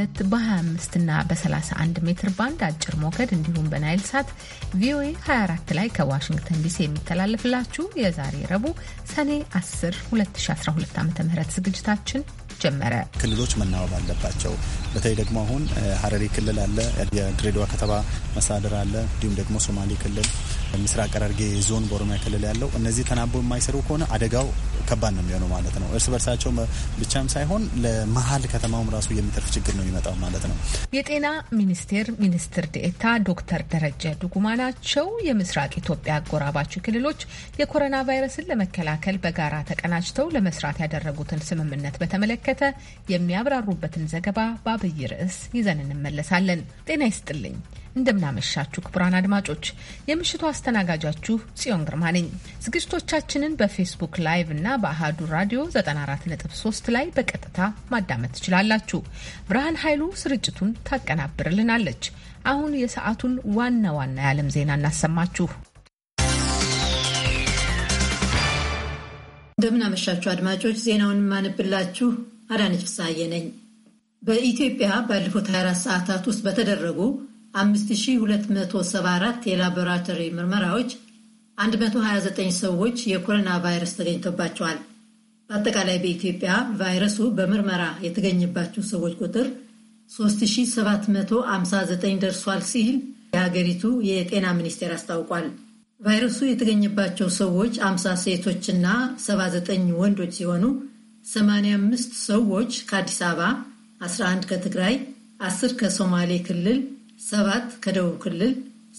በ22 በ25 እና በ31 ሜትር ባንድ አጭር ሞገድ እንዲሁም በናይል ሳት ቪኦኤ 24 ላይ ከዋሽንግተን ዲሲ የሚተላለፍላችሁ የዛሬ ረቡዕ ሰኔ 10 2012 ዓ ም ዝግጅታችን ጀመረ። ክልሎች መናበብ አለባቸው። በተለይ ደግሞ አሁን ሀረሪ ክልል አለ፣ የድሬዳዋ ከተማ መስተዳድር አለ፣ እንዲሁም ደግሞ ሶማሌ ክልል፣ ምስራቅ ሐረርጌ ዞን በኦሮሚያ ክልል ያለው እነዚህ ተናቦ የማይሰሩ ከሆነ አደጋው ከባድ ነው የሚሆነው ማለት ነው። እርስ በርሳቸው ብቻም ሳይሆን ለመሀል ከተማውም ራሱ የሚተርፍ ችግር ነው የሚመጣው ማለት ነው። የጤና ሚኒስቴር ሚኒስትር ዴኤታ ዶክተር ደረጀ ዱጉማ ናቸው። የምስራቅ ኢትዮጵያ አጎራባች ክልሎች የኮሮና ቫይረስን ለመከላከል በጋራ ተቀናጅተው ለመስራት ያደረጉትን ስምምነት በተመለከተ የሚያብራሩበትን ዘገባ በአብይ ርዕስ ይዘን እንመለሳለን። ጤና ይስጥልኝ። እንደምናመሻችሁ ክቡራን አድማጮች፣ የምሽቱ አስተናጋጃችሁ ጽዮን ግርማ ነኝ። ዝግጅቶቻችንን በፌስቡክ ላይቭ እና በአህዱ ራዲዮ 94.3 ላይ በቀጥታ ማዳመጥ ትችላላችሁ። ብርሃን ኃይሉ ስርጭቱን ታቀናብርልናለች። አሁን የሰዓቱን ዋና ዋና የዓለም ዜና እናሰማችሁ። እንደምናመሻችሁ አድማጮች፣ ዜናውን የማንብላችሁ አዳነች ፍስሐዬ ነኝ። በኢትዮጵያ ባለፉት 24 ሰዓታት ውስጥ በተደረጉ 5274 የላቦራቶሪ ምርመራዎች 129 ሰዎች የኮሮና ቫይረስ ተገኝቶባቸዋል። በአጠቃላይ በኢትዮጵያ ቫይረሱ በምርመራ የተገኘባቸው ሰዎች ቁጥር 3759 ደርሷል ሲል የሀገሪቱ የጤና ሚኒስቴር አስታውቋል። ቫይረሱ የተገኘባቸው ሰዎች 50 ሴቶችና 79 ወንዶች ሲሆኑ 85 ሰዎች ከአዲስ አበባ፣ 11 ከትግራይ፣ 10 ከሶማሌ ክልል ሰባት ከደቡብ ክልል፣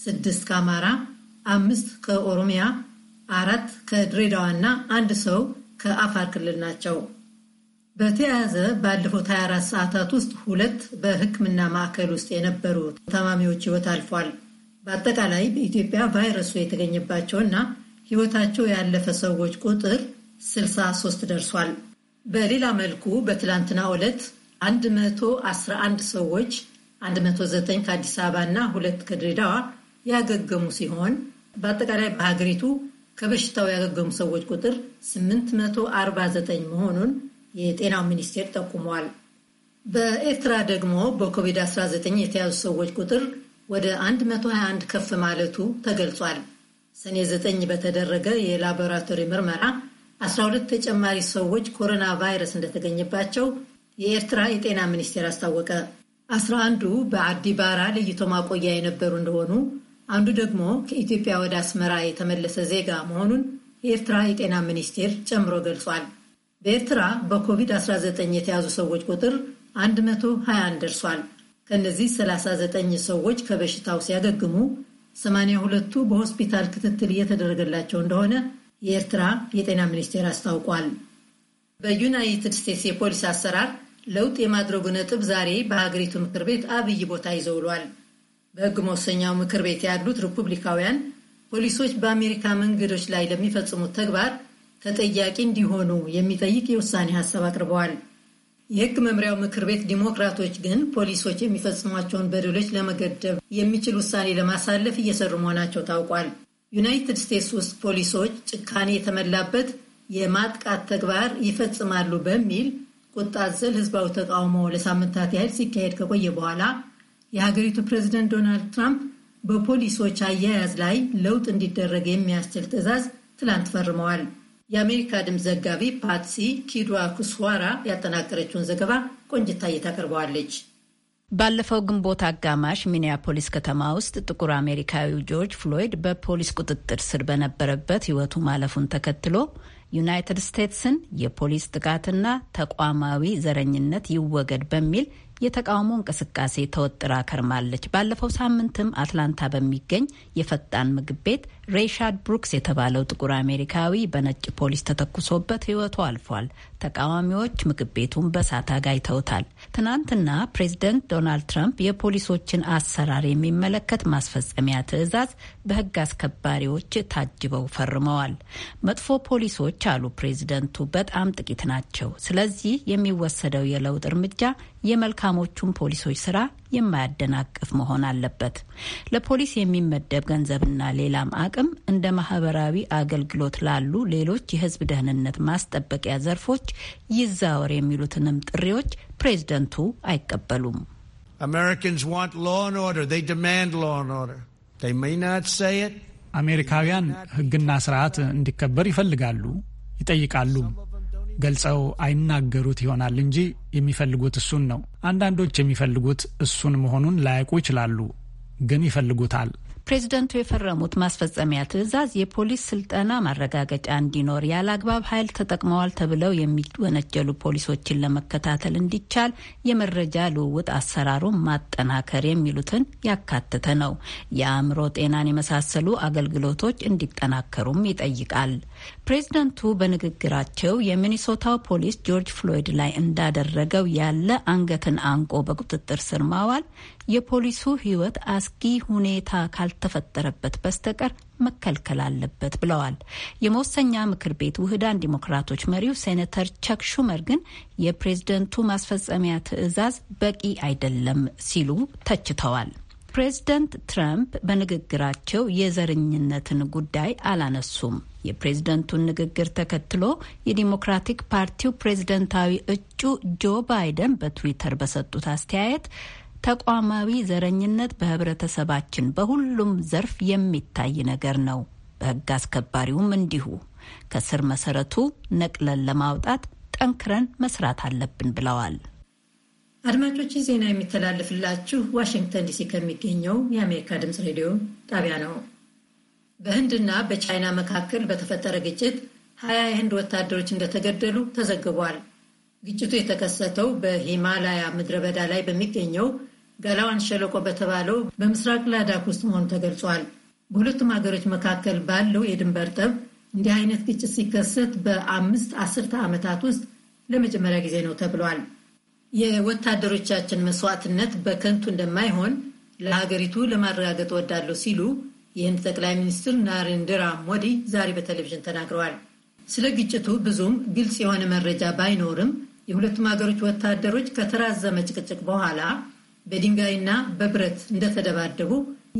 ስድስት ከአማራ፣ አምስት ከኦሮሚያ፣ አራት ከድሬዳዋ እና አንድ ሰው ከአፋር ክልል ናቸው። በተያያዘ ባለፉት 24 ሰዓታት ውስጥ ሁለት በሕክምና ማዕከል ውስጥ የነበሩ ታማሚዎች ሕይወት አልፏል። በአጠቃላይ በኢትዮጵያ ቫይረሱ የተገኘባቸውና ሕይወታቸው ያለፈ ሰዎች ቁጥር 63 ደርሷል። በሌላ መልኩ በትላንትና ዕለት 111 ሰዎች 109 ከአዲስ አበባ እና ሁለት ከድሬዳዋ ያገገሙ ሲሆን በአጠቃላይ በሀገሪቱ ከበሽታው ያገገሙ ሰዎች ቁጥር 849 መሆኑን የጤናው ሚኒስቴር ጠቁመዋል። በኤርትራ ደግሞ በኮቪድ-19 የተያዙ ሰዎች ቁጥር ወደ 121 ከፍ ማለቱ ተገልጿል። ሰኔ 9 በተደረገ የላቦራቶሪ ምርመራ 12 ተጨማሪ ሰዎች ኮሮና ቫይረስ እንደተገኘባቸው የኤርትራ የጤና ሚኒስቴር አስታወቀ። አስራ አንዱ በአዲባራ ለይቶ ማቆያ የነበሩ እንደሆኑ አንዱ ደግሞ ከኢትዮጵያ ወደ አስመራ የተመለሰ ዜጋ መሆኑን የኤርትራ የጤና ሚኒስቴር ጨምሮ ገልጿል። በኤርትራ በኮቪድ-19 የተያዙ ሰዎች ቁጥር 121 ደርሷል። ከእነዚህ 39 ሰዎች ከበሽታው ሲያገግሙ 82ቱ በሆስፒታል ክትትል እየተደረገላቸው እንደሆነ የኤርትራ የጤና ሚኒስቴር አስታውቋል። በዩናይትድ ስቴትስ የፖሊስ አሰራር ለውጥ የማድረጉ ነጥብ ዛሬ በሀገሪቱ ምክር ቤት አብይ ቦታ ይዘውሏል። በሕግ መወሰኛው ምክር ቤት ያሉት ሪፑብሊካውያን ፖሊሶች በአሜሪካ መንገዶች ላይ ለሚፈጽሙት ተግባር ተጠያቂ እንዲሆኑ የሚጠይቅ የውሳኔ ሀሳብ አቅርበዋል። የሕግ መምሪያው ምክር ቤት ዲሞክራቶች ግን ፖሊሶች የሚፈጽሟቸውን በደሎች ለመገደብ የሚችል ውሳኔ ለማሳለፍ እየሰሩ መሆናቸው ታውቋል። ዩናይትድ ስቴትስ ውስጥ ፖሊሶች ጭካኔ የተመላበት የማጥቃት ተግባር ይፈጽማሉ በሚል ቁጣ ስል ህዝባዊ ተቃውሞ ለሳምንታት ያህል ሲካሄድ ከቆየ በኋላ የሀገሪቱ ፕሬዚደንት ዶናልድ ትራምፕ በፖሊሶች አያያዝ ላይ ለውጥ እንዲደረግ የሚያስችል ትዕዛዝ ትላንት ፈርመዋል። የአሜሪካ ድምፅ ዘጋቢ ፓትሲ ኪድዋ ኩስዋራ ያጠናቀረችውን ዘገባ ቆንጅታዬ ታቀርበዋለች። ባለፈው ግንቦት አጋማሽ ሚኒያፖሊስ ከተማ ውስጥ ጥቁር አሜሪካዊው ጆርጅ ፍሎይድ በፖሊስ ቁጥጥር ስር በነበረበት ህይወቱ ማለፉን ተከትሎ ዩናይትድ ስቴትስን የፖሊስ ጥቃትና ተቋማዊ ዘረኝነት ይወገድ በሚል የተቃውሞ እንቅስቃሴ ተወጥራ ከርማለች። ባለፈው ሳምንትም አትላንታ በሚገኝ የፈጣን ምግብ ቤት ሬይሻድ ብሩክስ የተባለው ጥቁር አሜሪካዊ በነጭ ፖሊስ ተተኩሶበት ሕይወቱ አልፏል። ተቃዋሚዎች ምግብ ቤቱን በሳት አጋይተውታል። ትናንትና ፕሬዝደንት ዶናልድ ትራምፕ የፖሊሶችን አሰራር የሚመለከት ማስፈጸሚያ ትዕዛዝ በህግ አስከባሪዎች ታጅበው ፈርመዋል። መጥፎ ፖሊሶች አሉ ፕሬዝደንቱ በጣም ጥቂት ናቸው። ስለዚህ የሚወሰደው የለውጥ እርምጃ የመልካሞቹን ፖሊሶች ስራ የማያደናቅፍ መሆን አለበት። ለፖሊስ የሚመደብ ገንዘብና ሌላም አቅም እንደ ማህበራዊ አገልግሎት ላሉ ሌሎች የህዝብ ደህንነት ማስጠበቂያ ዘርፎች ይዛወር የሚሉትንም ጥሪዎች ፕሬዝደንቱ አይቀበሉም። አሜሪካውያን ህግና ስርዓት እንዲከበር ይፈልጋሉ፣ ይጠይቃሉም። ገልጸው አይናገሩት ይሆናል እንጂ የሚፈልጉት እሱን ነው። አንዳንዶች የሚፈልጉት እሱን መሆኑን ላያውቁ ይችላሉ፣ ግን ይፈልጉታል። ፕሬዚደንቱ የፈረሙት ማስፈጸሚያ ትዕዛዝ የፖሊስ ስልጠና ማረጋገጫ እንዲኖር ያለ አግባብ ኃይል ተጠቅመዋል ተብለው የሚወነጀሉ ፖሊሶችን ለመከታተል እንዲቻል የመረጃ ልውውጥ አሰራሩን ማጠናከር የሚሉትን ያካተተ ነው። የአእምሮ ጤናን የመሳሰሉ አገልግሎቶች እንዲጠናከሩም ይጠይቃል። ፕሬዝደንቱ በንግግራቸው የሚኒሶታው ፖሊስ ጆርጅ ፍሎይድ ላይ እንዳደረገው ያለ አንገትን አንቆ በቁጥጥር ስር ማዋል የፖሊሱ ሕይወት አስጊ ሁኔታ ካልተፈጠረበት በስተቀር መከልከል አለበት ብለዋል። የመወሰኛ ምክር ቤት ውህዳን ዲሞክራቶች መሪው ሴኔተር ቸክ ሹመር ግን የፕሬዝደንቱ ማስፈጸሚያ ትዕዛዝ በቂ አይደለም ሲሉ ተችተዋል። ፕሬዝደንት ትራምፕ በንግግራቸው የዘረኝነትን ጉዳይ አላነሱም። የፕሬዝደንቱን ንግግር ተከትሎ የዲሞክራቲክ ፓርቲው ፕሬዝደንታዊ እጩ ጆ ባይደን በትዊተር በሰጡት አስተያየት ተቋማዊ ዘረኝነት በህብረተሰባችን በሁሉም ዘርፍ የሚታይ ነገር ነው፣ በህግ አስከባሪውም እንዲሁ። ከስር መሰረቱ ነቅለን ለማውጣት ጠንክረን መስራት አለብን ብለዋል። አድማጮች ዜና የሚተላለፍላችሁ ዋሽንግተን ዲሲ ከሚገኘው የአሜሪካ ድምጽ ሬዲዮ ጣቢያ ነው። በህንድና በቻይና መካከል በተፈጠረ ግጭት ሀያ የህንድ ወታደሮች እንደተገደሉ ተዘግቧል። ግጭቱ የተከሰተው በሂማላያ ምድረ በዳ ላይ በሚገኘው ጋላዋን ሸለቆ በተባለው በምስራቅ ላዳክ ውስጥ መሆኑ ተገልጿል። በሁለቱም ሀገሮች መካከል ባለው የድንበር ጠብ እንዲህ አይነት ግጭት ሲከሰት በአምስት አስርተ ዓመታት ውስጥ ለመጀመሪያ ጊዜ ነው ተብሏል። የወታደሮቻችን መስዋዕትነት በከንቱ እንደማይሆን ለሀገሪቱ ለማረጋገጥ እወዳለሁ ሲሉ የህንድ ጠቅላይ ሚኒስትር ናሬንድራ ሞዲ ዛሬ በቴሌቪዥን ተናግረዋል። ስለ ግጭቱ ብዙም ግልጽ የሆነ መረጃ ባይኖርም የሁለቱም ሀገሮች ወታደሮች ከተራዘመ ጭቅጭቅ በኋላ በድንጋይና በብረት እንደተደባደቡ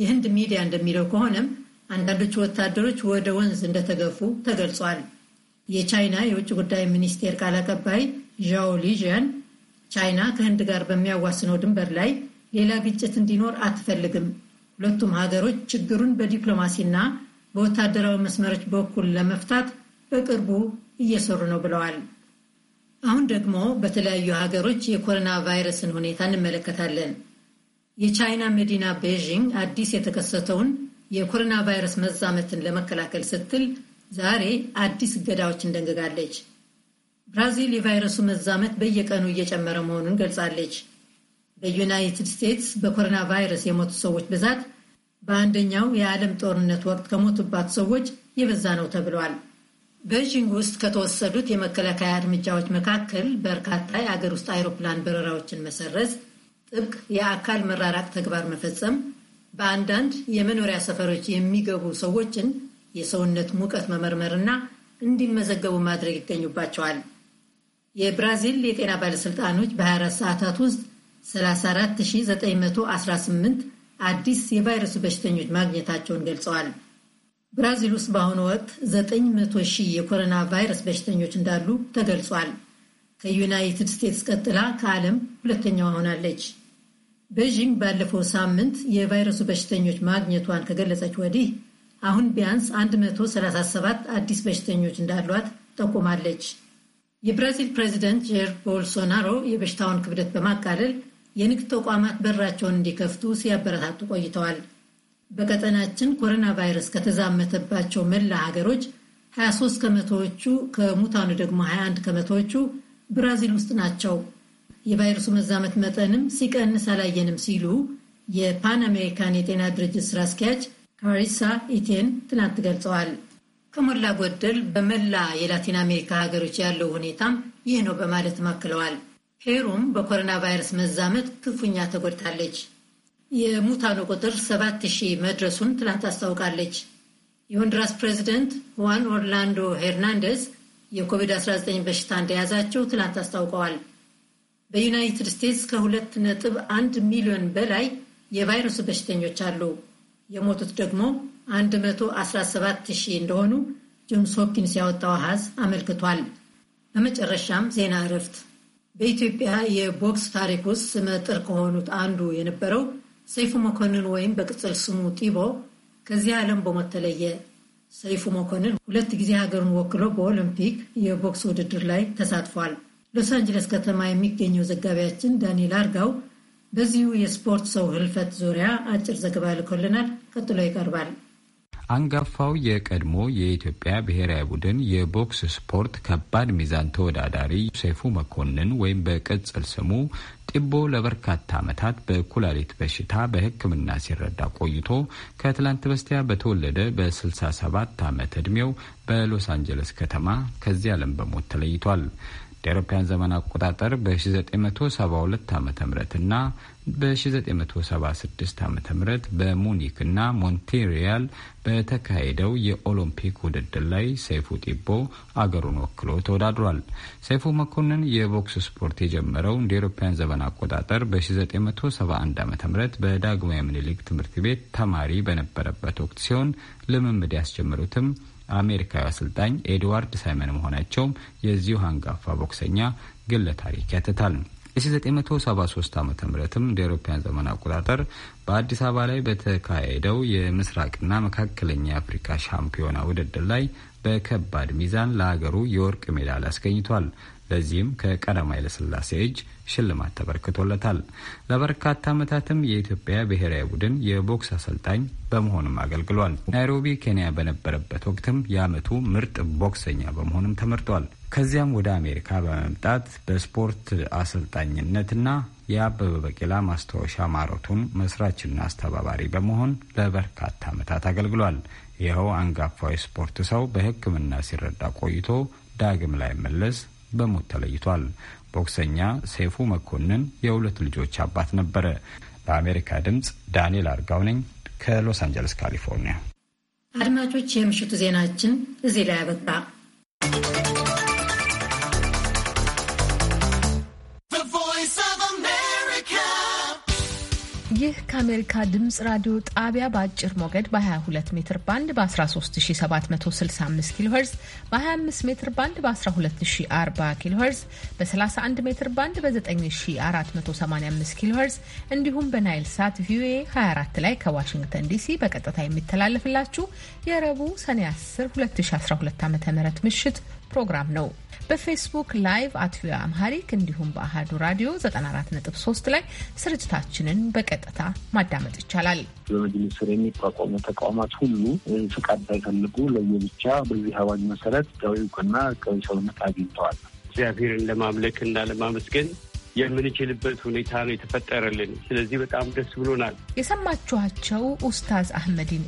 የህንድ ሚዲያ እንደሚለው ከሆነም አንዳንዶቹ ወታደሮች ወደ ወንዝ እንደተገፉ ተገልጿል። የቻይና የውጭ ጉዳይ ሚኒስቴር ቃል አቀባይ ዣኦ ሊዥያን ቻይና ከህንድ ጋር በሚያዋስነው ድንበር ላይ ሌላ ግጭት እንዲኖር አትፈልግም ሁለቱም ሀገሮች ችግሩን በዲፕሎማሲና በወታደራዊ መስመሮች በኩል ለመፍታት በቅርቡ እየሰሩ ነው ብለዋል። አሁን ደግሞ በተለያዩ ሀገሮች የኮሮና ቫይረስን ሁኔታ እንመለከታለን። የቻይና መዲና ቤዥንግ አዲስ የተከሰተውን የኮሮና ቫይረስ መዛመትን ለመከላከል ስትል ዛሬ አዲስ እገዳዎች እንደንግጋለች። ብራዚል የቫይረሱ መዛመት በየቀኑ እየጨመረ መሆኑን ገልጻለች። በዩናይትድ ስቴትስ በኮሮና ቫይረስ የሞቱ ሰዎች ብዛት በአንደኛው የዓለም ጦርነት ወቅት ከሞቱባት ሰዎች የበዛ ነው ተብሏል። ቤዥንግ ውስጥ ከተወሰዱት የመከላከያ እርምጃዎች መካከል በርካታ የአገር ውስጥ አይሮፕላን በረራዎችን መሰረዝ፣ ጥብቅ የአካል መራራቅ ተግባር መፈጸም፣ በአንዳንድ የመኖሪያ ሰፈሮች የሚገቡ ሰዎችን የሰውነት ሙቀት መመርመርና እንዲመዘገቡ ማድረግ ይገኙባቸዋል። የብራዚል የጤና ባለሥልጣኖች በ24 ሰዓታት ውስጥ 34918 አዲስ የቫይረሱ በሽተኞች ማግኘታቸውን ገልጸዋል። ብራዚል ውስጥ በአሁኑ ወቅት 900 ሺህ የኮሮና ቫይረስ በሽተኞች እንዳሉ ተገልጿል። ከዩናይትድ ስቴትስ ቀጥላ ከዓለም ሁለተኛዋ ሆናለች። ቤዥንግ ባለፈው ሳምንት የቫይረሱ በሽተኞች ማግኘቷን ከገለጸች ወዲህ አሁን ቢያንስ 137 አዲስ በሽተኞች እንዳሏት ጠቁማለች። የብራዚል ፕሬዚደንት ጀር ቦልሶናሮ የበሽታውን ክብደት በማቃለል የንግድ ተቋማት በራቸውን እንዲከፍቱ ሲያበረታቱ ቆይተዋል። በቀጠናችን ኮሮና ቫይረስ ከተዛመተባቸው መላ ሀገሮች 23 ከመቶዎቹ ከሙታኑ ደግሞ 21 ከመቶዎቹ ብራዚል ውስጥ ናቸው። የቫይረሱ መዛመት መጠንም ሲቀንስ አላየንም ሲሉ የፓን አሜሪካን የጤና ድርጅት ስራ አስኪያጅ ካሪሳ ኢቴን ትናንት ገልጸዋል። ከሞላ ጎደል በመላ የላቲን አሜሪካ ሀገሮች ያለው ሁኔታም ይህ ነው በማለት ማክለዋል። ሄሩም በኮሮና ቫይረስ መዛመት ክፉኛ ተጎድታለች። የሙታኑ ቁጥር ሰባት ሺህ መድረሱን ትላንት አስታውቃለች። የሆንዱራስ ፕሬዚደንት ሁዋን ኦርላንዶ ሄርናንደስ የኮቪድ-19 በሽታ እንደያዛቸው ትላንት አስታውቀዋል። በዩናይትድ ስቴትስ ከሁለት ነጥብ አንድ ሚሊዮን በላይ የቫይረሱ በሽተኞች አሉ። የሞቱት ደግሞ 117 ሺህ እንደሆኑ ጆንስ ሆፕኪንስ ያወጣው አሃዝ አመልክቷል። በመጨረሻም ዜና እረፍት በኢትዮጵያ የቦክስ ታሪክ ውስጥ ስመጥር ከሆኑት አንዱ የነበረው ሰይፉ መኮንን ወይም በቅጽል ስሙ ጢቦ ከዚህ ዓለም በሞት ተለየ። ሰይፉ መኮንን ሁለት ጊዜ ሀገሩን ወክሎ በኦሎምፒክ የቦክስ ውድድር ላይ ተሳትፏል። ሎስ አንጀለስ ከተማ የሚገኘው ዘጋቢያችን ዳንኤል አርጋው በዚሁ የስፖርት ሰው ህልፈት ዙሪያ አጭር ዘገባ ልኮልናል። ቀጥሎ ይቀርባል። አንጋፋው የቀድሞ የኢትዮጵያ ብሔራዊ ቡድን የቦክስ ስፖርት ከባድ ሚዛን ተወዳዳሪ ሴፉ መኮንን ወይም በቅጽል ስሙ ጢቦ ለበርካታ ዓመታት በኩላሊት በሽታ በሕክምና ሲረዳ ቆይቶ ከትላንት በስቲያ በተወለደ በ67 ዓመት ዕድሜው በሎስ አንጀለስ ከተማ ከዚህ ዓለም በሞት ተለይቷል። የአውሮፓውያን ዘመን አቆጣጠር በ1972 ዓ ም እና በ1976 ዓ ም በሙኒክ እና ሞንቴሪያል በተካሄደው የኦሎምፒክ ውድድር ላይ ሰይፉ ጢቦ አገሩን ወክሎ ተወዳድሯል። ሰይፉ መኮንን የቦክስ ስፖርት የጀመረው እንደ አውሮፓውያን ዘመን አቆጣጠር በ1971 ዓ ም በዳግማዊ ምኒልክ ትምህርት ቤት ተማሪ በነበረበት ወቅት ሲሆን ልምምድ ያስጀምሩትም አሜሪካዊ አሰልጣኝ ኤድዋርድ ሳይመን መሆናቸውም የዚሁ አንጋፋ ቦክሰኛ ግለ ታሪክ ያትታል። የ1973 ዓ ም እንደ አውሮፓውያን ዘመን አቆጣጠር በአዲስ አበባ ላይ በተካሄደው የምስራቅና መካከለኛ የአፍሪካ ሻምፒዮና ውድድር ላይ በከባድ ሚዛን ለሀገሩ የወርቅ ሜዳል አስገኝቷል። ለዚህም ከቀዳማዊ ኃይለሥላሴ እጅ ሽልማት ተበርክቶለታል። ለበርካታ ዓመታትም የኢትዮጵያ ብሔራዊ ቡድን የቦክስ አሰልጣኝ በመሆንም አገልግሏል። ናይሮቢ ኬንያ በነበረበት ወቅትም የዓመቱ ምርጥ ቦክሰኛ በመሆንም ተመርጧል። ከዚያም ወደ አሜሪካ በመምጣት በስፖርት አሰልጣኝነትና የአበበ በቂላ ማስታወሻ ማራቶን መስራችና አስተባባሪ በመሆን ለበርካታ ዓመታት አገልግሏል። ይኸው አንጋፋዊ ስፖርት ሰው በሕክምና ሲረዳ ቆይቶ ዳግም ላይ መለስ በሞት ተለይቷል። ቦክሰኛ ሰይፉ መኮንን የሁለት ልጆች አባት ነበረ። ለአሜሪካ ድምፅ ዳንኤል አርጋው ነኝ ከሎስ አንጀለስ ካሊፎርኒያ። አድማጮች፣ የምሽቱ ዜናችን እዚህ ላይ አበቃ። ይህ ከአሜሪካ ድምፅ ራዲዮ ጣቢያ በአጭር ሞገድ በ22 ሜትር ባንድ በ13765 ኪሎ ሄርዝ በ25 ሜትር ባንድ በ1240 ኪሎ ሄርዝ በ31 ሜትር ባንድ በ9485 ኪሎ ሄርዝ እንዲሁም በናይል ሳት ቪኦኤ 24 ላይ ከዋሽንግተን ዲሲ በቀጥታ የሚተላለፍላችሁ የረቡዕ ሰኔ 10 2012 ዓ ም ምሽት ፕሮግራም ነው። በፌስቡክ ላይቭ አት አምሃሪክ እንዲሁም በአህዱ ራዲዮ 943 ላይ ስርጭታችንን በቀጥታ ማዳመጥ ይቻላል። በመጅሊስ ስር የሚቋቋሙ ተቋማት ሁሉ ፍቃድ ሳይፈልጉ ለየብቻ በዚህ አዋጅ መሰረት ሕጋዊ እውቅና ሕጋዊ ሰውነት አግኝተዋል። እግዚአብሔርን ለማምለክ እና ለማመስገን የምንችልበት ሁኔታ ነው የተፈጠረልን። ስለዚህ በጣም ደስ ብሎናል። የሰማችኋቸው ኡስታዝ አህመዲን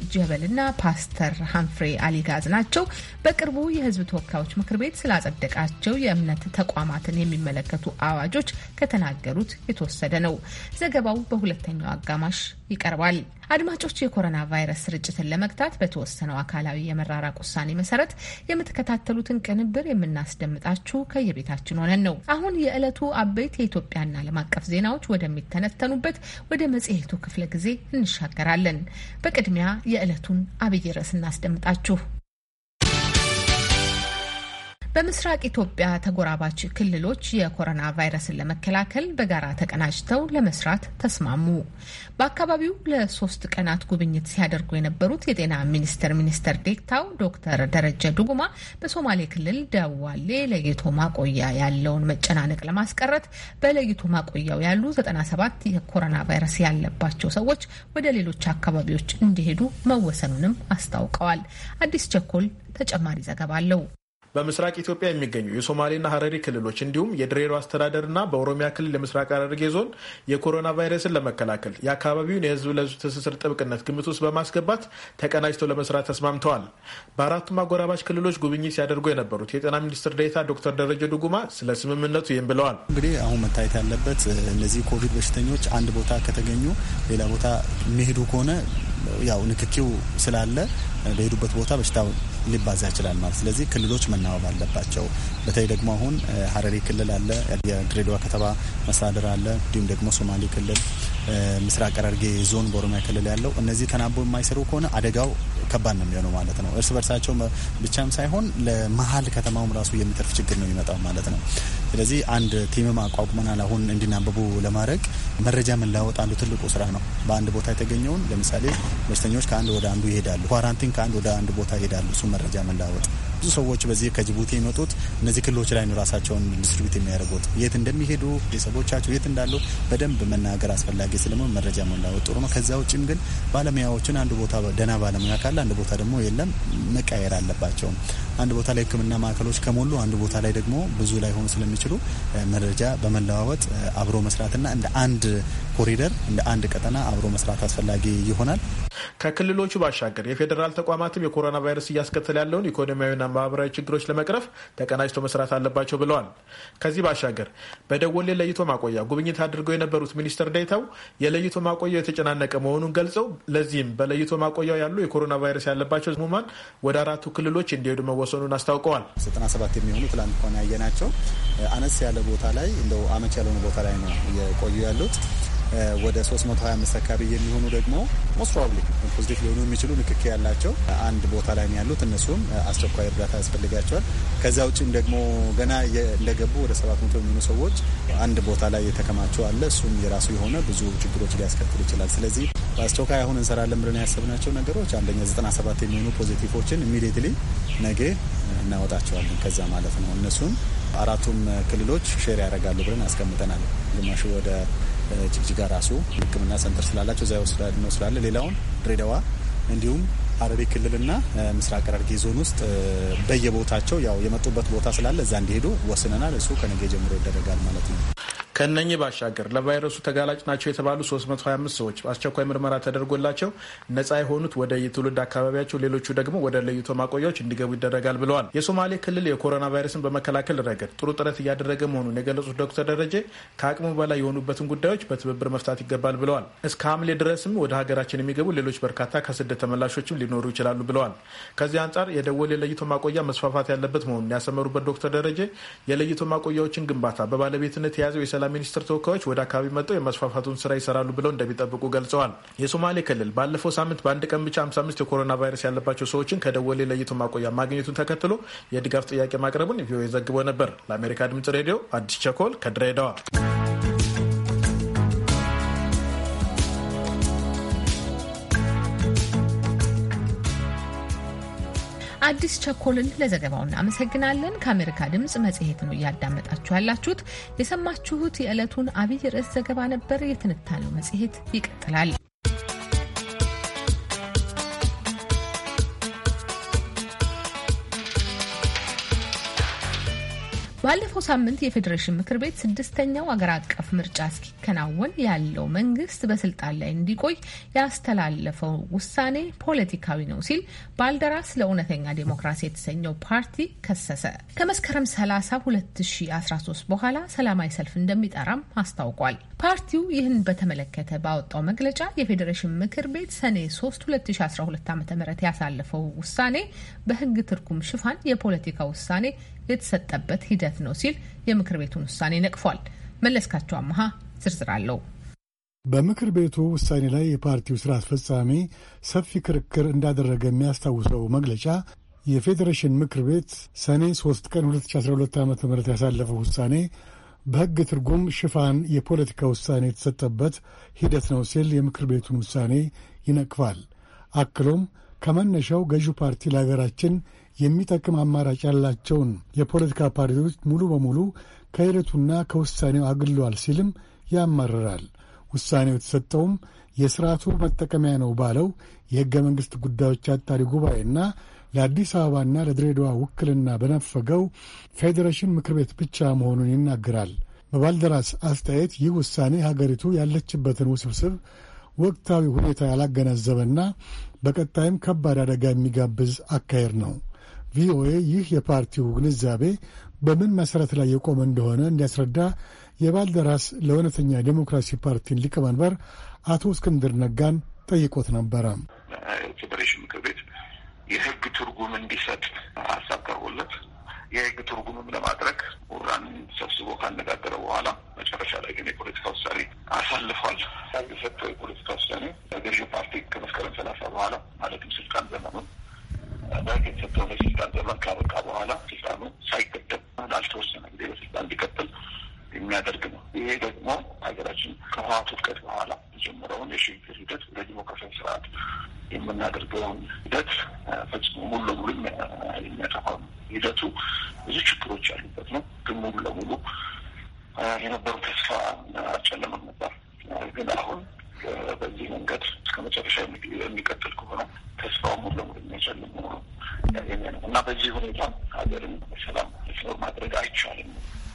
እና ፓስተር ሀንፍሬ አሊጋዝ ናቸው። በቅርቡ የህዝብ ተወካዮች ምክር ቤት ስላጸደቃቸው የእምነት ተቋማትን የሚመለከቱ አዋጆች ከተናገሩት የተወሰደ ነው። ዘገባው በሁለተኛው አጋማሽ ይቀርባል። አድማጮች የኮሮና ቫይረስ ስርጭትን ለመግታት በተወሰነው አካላዊ የመራራቅ ውሳኔ መሰረት የምትከታተሉትን ቅንብር የምናስደምጣችሁ ከየቤታችን ሆነን ነው። አሁን የዕለቱ አበይት የኢትዮጵያና ዓለም አቀፍ ዜናዎች ወደሚተነተኑበት ወደ መጽሔቱ ክፍለ ጊዜ እንሻገራለን። በቅድሚያ የዕለቱን አብይ ርዕስ እናስደምጣችሁ። በምስራቅ ኢትዮጵያ ተጎራባች ክልሎች የኮሮና ቫይረስን ለመከላከል በጋራ ተቀናጅተው ለመስራት ተስማሙ። በአካባቢው ለሶስት ቀናት ጉብኝት ሲያደርጉ የነበሩት የጤና ሚኒስቴር ሚኒስትር ዴኤታው ዶክተር ደረጀ ዱጉማ በሶማሌ ክልል ደዋሌ ለይቶ ማቆያ ያለውን መጨናነቅ ለማስቀረት በለይቶ ማቆያው ያሉ 97 የኮሮና ቫይረስ ያለባቸው ሰዎች ወደ ሌሎች አካባቢዎች እንዲሄዱ መወሰኑንም አስታውቀዋል። አዲስ ቸኮል ተጨማሪ ዘገባ አለው። በምስራቅ ኢትዮጵያ የሚገኙ የሶማሌና ሀረሪ ክልሎች እንዲሁም የድሬሮ አስተዳደርና በኦሮሚያ ክልል የምስራቅ ሐረርጌ ዞን የኮሮና ቫይረስን ለመከላከል የአካባቢውን የህዝብ ለሕዝብ ትስስር ጥብቅነት ግምት ውስጥ በማስገባት ተቀናጅተው ለመስራት ተስማምተዋል። በአራቱም አጎራባች ክልሎች ጉብኝት ሲያደርጉ የነበሩት የጤና ሚኒስትር ዴኤታ ዶክተር ደረጀ ዱጉማ ስለ ስምምነቱ ይህም ብለዋል። እንግዲህ አሁን መታየት ያለበት እነዚህ ኮቪድ በሽተኞች አንድ ቦታ ከተገኙ ሌላ ቦታ የሚሄዱ ከሆነ ያው ንክኪው ስላለ በሄዱበት ቦታ በሽታው ሊባዛ ይችላል ማለት። ስለዚህ ክልሎች መናበብ አለባቸው። በተለይ ደግሞ አሁን ሀረሪ ክልል አለ፣ የድሬዳዋ ከተማ መስተዳድር አለ፣ እንዲሁም ደግሞ ሶማሌ ክልል ምስራቅ ሐረርጌ ዞን በኦሮሚያ ክልል ያለው እነዚህ ተናቦ የማይሰሩ ከሆነ አደጋው ከባድ ነው የሚሆነው ማለት ነው። እርስ በርሳቸው ብቻም ሳይሆን ለመሀል ከተማውም ራሱ የሚተርፍ ችግር ነው የሚመጣው ማለት ነው። ስለዚህ አንድ ቲምም አቋቁመናል አሁን እንዲናበቡ ለማድረግ መረጃ መለዋወጥ አንዱ ትልቁ ስራ ነው። በአንድ ቦታ የተገኘውን ለምሳሌ በሽተኞች ከአንድ ወደ አንዱ ይሄዳሉ፣ ኳራንቲን ከአንድ ወደ አንድ ቦታ ይሄዳሉ። እሱ መረጃ መለዋወጥ ብዙ ሰዎች በዚህ ከጅቡቲ የመጡት እነዚህ ክልሎች ላይ ነው ራሳቸውን ዲስትሪቢዩት የሚያደርጉት። የት እንደሚሄዱ ቤተሰቦቻቸው የት እንዳሉ በደንብ መናገር አስፈላጊ ስለመሆን መረጃ መለዋወጥ ጥሩ ነው። ከዛ ውጭም ግን ባለሙያዎችን አንድ ቦታ ደህና ባለሙያ ካለ አንድ ቦታ ደግሞ የለም መቀየር አለባቸውም። አንድ ቦታ ላይ ሕክምና ማዕከሎች ከሞሉ አንድ ቦታ ላይ ደግሞ ብዙ ላይ ሆኑ ስለሚችሉ መረጃ በመለዋወጥ አብሮ መስራትና እንደ አንድ ኮሪደር እንደ አንድ ቀጠና አብሮ መስራት አስፈላጊ ይሆናል። ከክልሎቹ ባሻገር የፌዴራል ተቋማትም የኮሮና ቫይረስ እያስከተለ ያለውን ኢኮኖሚያዊና ማህበራዊ ችግሮች ለመቅረፍ ተቀናጅቶ መስራት አለባቸው ብለዋል። ከዚህ ባሻገር በደወሌ ለይቶ ማቆያ ጉብኝት አድርገው የነበሩት ሚኒስትር ዴታው የለይቶ ማቆያው የተጨናነቀ መሆኑን ገልጸው ለዚህም በለይቶ ማቆያው ያሉ የኮሮና ቫይረስ ያለባቸው ህሙማን ወደ አራቱ ክልሎች እንዲሄዱ መወ መወሰኑን አስታውቀዋል። 97 የሚሆኑ ትላንት ከሆነ ያየናቸው አነስ ያለ ቦታ ላይ እንደው አመች ያልሆነ ቦታ ላይ ነው የቆዩ ያሉት። ወደ 325 አካባቢ የሚሆኑ ደግሞ ሞስት ፕሮባብሊ ፖዚቲቭ ሊሆኑ የሚችሉ ንክክ ያላቸው አንድ ቦታ ላይ ያሉት እነሱም አስቸኳይ እርዳታ ያስፈልጋቸዋል። ከዚያ ውጭም ደግሞ ገና እንደገቡ ወደ 700 የሚሆኑ ሰዎች አንድ ቦታ ላይ የተከማቸው አለ። እሱም የራሱ የሆነ ብዙ ችግሮች ሊያስከትል ይችላል። ስለዚህ በአስቸኳይ አሁን እንሰራለን ብለን ያሰብናቸው ነገሮች አንደኛ 97 የሚሆኑ ፖዚቲቮችን ኢሚዲየትሊ ነገ እናወጣቸዋለን። ከዛ ማለት ነው እነሱም አራቱም ክልሎች ሼር ያደርጋሉ ብለን አስቀምጠናል። ግማሹ ወደ ጅግጅጋ ራሱ ሕክምና ሰንተር ስላላቸው እዚያ ወስዳድ ስላለ ሌላውን ድሬዳዋ እንዲሁም ሐረሪ ክልልና ምስራቅ ሐረርጌ ዞን ውስጥ በየቦታቸው ያው የመጡበት ቦታ ስላለ እዛ እንዲሄዱ ወስነናል። እሱ ከነገ ጀምሮ ይደረጋል ማለት ነው። ከነኚህ ባሻገር ለቫይረሱ ተጋላጭ ናቸው የተባሉ 325 ሰዎች አስቸኳይ ምርመራ ተደርጎላቸው ነጻ የሆኑት ወደ የትውልድ አካባቢያቸው፣ ሌሎቹ ደግሞ ወደ ለይቶ ማቆያዎች እንዲገቡ ይደረጋል ብለዋል። የሶማሌ ክልል የኮሮና ቫይረስን በመከላከል ረገድ ጥሩ ጥረት እያደረገ መሆኑን የገለጹት ዶክተር ደረጀ ከአቅሙ በላይ የሆኑበትን ጉዳዮች በትብብር መፍታት ይገባል ብለዋል። እስከ ሐምሌ ድረስም ወደ ሀገራችን የሚገቡ ሌሎች በርካታ ከስደት ተመላሾችም ሊኖሩ ይችላሉ ብለዋል። ከዚህ አንጻር የደወሌ ለይቶ ማቆያ መስፋፋት ያለበት መሆኑን ያሰመሩበት ዶክተር ደረጀ የለይቶ ማቆያዎችን ግንባታ በባለቤትነት የያዘው የሰላም ሚኒስትር ተወካዮች ወደ አካባቢ መጠው የመስፋፋቱን ስራ ይሰራሉ ብለው እንደሚጠብቁ ገልጸዋል። የሶማሌ ክልል ባለፈው ሳምንት በአንድ ቀን ብቻ 55 የኮሮና ቫይረስ ያለባቸው ሰዎችን ከደወሌ ለይቶ ማቆያ ማግኘቱን ተከትሎ የድጋፍ ጥያቄ ማቅረቡን ቪኦኤ ዘግቦ ነበር። ለአሜሪካ ድምጽ ሬዲዮ አዲስ ቸኮል ከድሬዳዋ አዲስ ቸኮልን ለዘገባው እናመሰግናለን። ከአሜሪካ ድምፅ መጽሔት ነው እያዳመጣችሁ ያላችሁት። የሰማችሁት የዕለቱን አብይ ርዕስ ዘገባ ነበር። የትንታኔው መጽሔት ይቀጥላል። ባለፈው ሳምንት የፌዴሬሽን ምክር ቤት ስድስተኛው አገር አቀፍ ምርጫ እስኪከናወን ያለው መንግስት በስልጣን ላይ እንዲቆይ ያስተላለፈው ውሳኔ ፖለቲካዊ ነው ሲል ባልደራስ ለእውነተኛ ዴሞክራሲ የተሰኘው ፓርቲ ከሰሰ። ከመስከረም 30 2013 በኋላ ሰላማዊ ሰልፍ እንደሚጠራም አስታውቋል። ፓርቲው ይህን በተመለከተ ባወጣው መግለጫ የፌዴሬሽን ምክር ቤት ሰኔ 3 2012 ዓ ም ያሳለፈው ውሳኔ በህግ ትርጉም ሽፋን የፖለቲካ ውሳኔ የተሰጠበት ሂደት ብልህነት ነው ሲል የምክር ቤቱን ውሳኔ ነቅፏል። መለስካቸው አመሃ ዝርዝር አለው። በምክር ቤቱ ውሳኔ ላይ የፓርቲው ስራ አስፈጻሚ ሰፊ ክርክር እንዳደረገ የሚያስታውሰው መግለጫ የፌዴሬሽን ምክር ቤት ሰኔ 3 ቀን 2012 ዓ ም ያሳለፈው ውሳኔ በሕግ ትርጉም ሽፋን የፖለቲካ ውሳኔ የተሰጠበት ሂደት ነው ሲል የምክር ቤቱን ውሳኔ ይነቅፋል። አክሎም ከመነሻው ገዢው ፓርቲ ለሀገራችን የሚጠቅም አማራጭ ያላቸውን የፖለቲካ ፓርቲዎች ሙሉ በሙሉ ከሂደቱና ከውሳኔው አግሏል ሲልም ያማርራል። ውሳኔው የተሰጠውም የሥርዓቱ መጠቀሚያ ነው ባለው የሕገ መንግሥት ጉዳዮች አጣሪ ጉባኤና ለአዲስ አበባና ለድሬዳዋ ውክልና በነፈገው ፌዴሬሽን ምክር ቤት ብቻ መሆኑን ይናገራል። በባልደራስ አስተያየት ይህ ውሳኔ ሀገሪቱ ያለችበትን ውስብስብ ወቅታዊ ሁኔታ ያላገነዘበና በቀጣይም ከባድ አደጋ የሚጋብዝ አካሄድ ነው። ቪኦኤ ይህ የፓርቲው ግንዛቤ በምን መሠረት ላይ የቆመ እንደሆነ እንዲያስረዳ የባልደራስ ለእውነተኛ ዴሞክራሲ ፓርቲን ሊቀመንበር አቶ እስክንድር ነጋን ጠይቆት ነበረ። ፌዴሬሽን ምክር ቤት የህግ ትርጉም እንዲሰጥ ሀሳብ ቀርቦለት የህግ ትርጉምም ለማድረግ ምሁራን ሰብስቦ ካነጋገረ በኋላ መጨረሻ ላይ ግን የፖለቲካ ውሳኔ አሳልፏል። ሳንድ የፖለቲካ ውሳኔ ገዢ ፓርቲ ከመስከረም ሰላሳ በኋላ ማለትም ስልጣን ዘመኑን አዳግ የተሰጠውን የስልጣን ዘመን ካበቃ በኋላ ስልጣኑ ሳይገደብ ላልተወሰነ ጊዜ በስልጣን እንዲቀጥል የሚያደርግ ነው። ይሄ ደግሞ ሀገራችን ከህወሓት ውድቀት በኋላ የጀመረውን የሽግግር ሂደት ወደ ዲሞክራሲያዊ ስርዓት የምናደርገውን ሂደት ፈጽሞ ሙሉ ለሙሉ የሚያጠፋ ሂደቱ ብዙ ችግሮች ያሉበት ነው። ግን ሙሉ ለሙሉ የነበሩ ተስፋ አጨለመም ነበር። ግን አሁን በዚህ መንገድ እስከ መጨረሻ የሚቀጥል ከሆነ ተስፋው ሙሉ ለሙሉ የሚያጨልም ሆኖ ያገኘ ነው እና በዚህ ሁኔታ ሀገርን ሰላም ስኖር ማድረግ አይቻልም።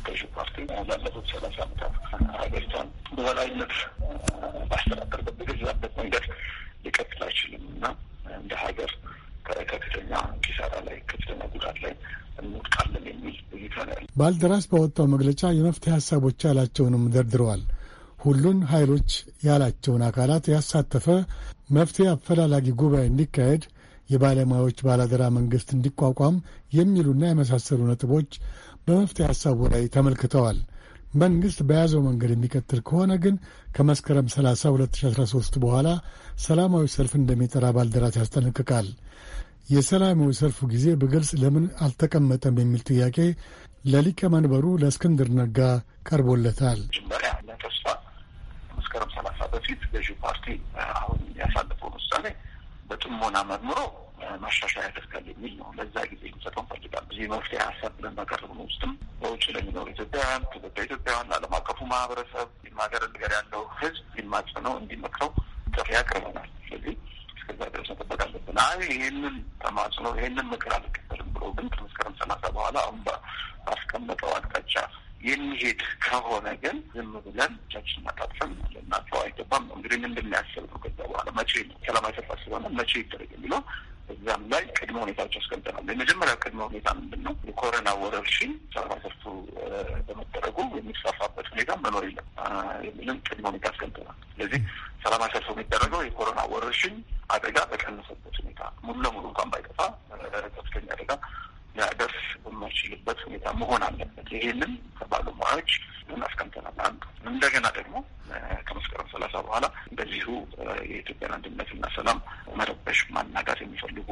ገዢ ፓርቲ ላለፉት ሰላሳ ዓመታት ሀገሪቷን በበላይነት ባስተዳደርበት በገዛበት መንገድ ሊቀጥል አይችልም እና እንደ ሀገር ከፍተኛ ኪሳራ ላይ ከፍተኛ ጉዳት ላይ እንወድቃለን የሚል ባልደራስ ባወጣው መግለጫ የመፍትሄ ሀሳቦች ያላቸውንም ደርድረዋል። ሁሉን ኃይሎች ያላቸውን አካላት ያሳተፈ መፍትሄ አፈላላጊ ጉባኤ እንዲካሄድ የባለሙያዎች ባላደራ መንግሥት እንዲቋቋም የሚሉና የመሳሰሉ ነጥቦች በመፍትሄ ሐሳቡ ላይ ተመልክተዋል። መንግሥት በያዘው መንገድ የሚቀጥል ከሆነ ግን ከመስከረም 30 2013 በኋላ ሰላማዊ ሰልፍ እንደሚጠራ ባልደራት ያስጠነቅቃል። የሰላማዊ ሰልፉ ጊዜ በግልጽ ለምን አልተቀመጠም የሚል ጥያቄ ለሊቀመንበሩ መንበሩ ለእስክንድር ነጋ ቀርቦለታል። ከመስከረም ሰላሳ በፊት ገዢው ፓርቲ አሁን ያሳለፈውን ውሳኔ በጥሞና መርምሮ ማሻሻያ ያደርጋል የሚል ነው። ለዛ ጊዜ የሚሰጠው እንፈልጋለን። እዚህ መፍትሄ ሀሳብ ብለን ነው ውስጥም በውጭ ለሚኖሩ ኢትዮጵያውያን፣ ትውልደ ኢትዮጵያውያን፣ ዓለም አቀፉ ማህበረሰብ ሀገር ነገር ያለው ህዝብ ነው እንዲመክረው ጥሪ ያቅርበናል። ስለዚህ እስከዛ ድረስ መጠበቅ አለብን። አይ ይህንን ተማጽኖ ይህንን ምክር አልቀበልም ብሎ ግን ከመስከረም ሰላሳ በኋላ አሁን ባስቀመጠው አቅጣጫ የሚሄድ ከሆነ ግን ዝም ብለን እጃችን መጣጥፈን ልናቸው አይገባም። እንግዲህ ምንድን ነው ከዛ በኋላ መቼ ነው ሰላማዊ ሰልፍ ስለሆነ መቼ ይደረግ የሚለው እዛም ላይ ቅድመ ሁኔታዎች አስቀምጠናል። የመጀመሪያ ቅድመ ሁኔታ ምንድን ነው? የኮረና ወረርሽኝ ሰላማዊ ሰልፉ በመደረጉ የሚስፋፋበት ሁኔታ መኖር የለም የሚልም ቅድመ ሁኔታ አስቀምጠናል። ስለዚህ ሰላማዊ ሰልፉ የሚደረገው የኮሮና ወረርሽኝ አደጋ በቀነሰበት ሁኔታ ሙሉ ለሙሉ እንኳን ባይጠፋ ከፍተኛ አደጋ ሊያደርስ በማይችልበት ሁኔታ መሆን አለበት። ይሄንን ጉዳዮች እናስቀምጠናል። አንዱ እንደገና ደግሞ ከመስከረም ሰላሳ በኋላ እንደዚሁ የኢትዮጵያን አንድነትና ሰላም መረበሽ ማናጋት የሚፈልጉ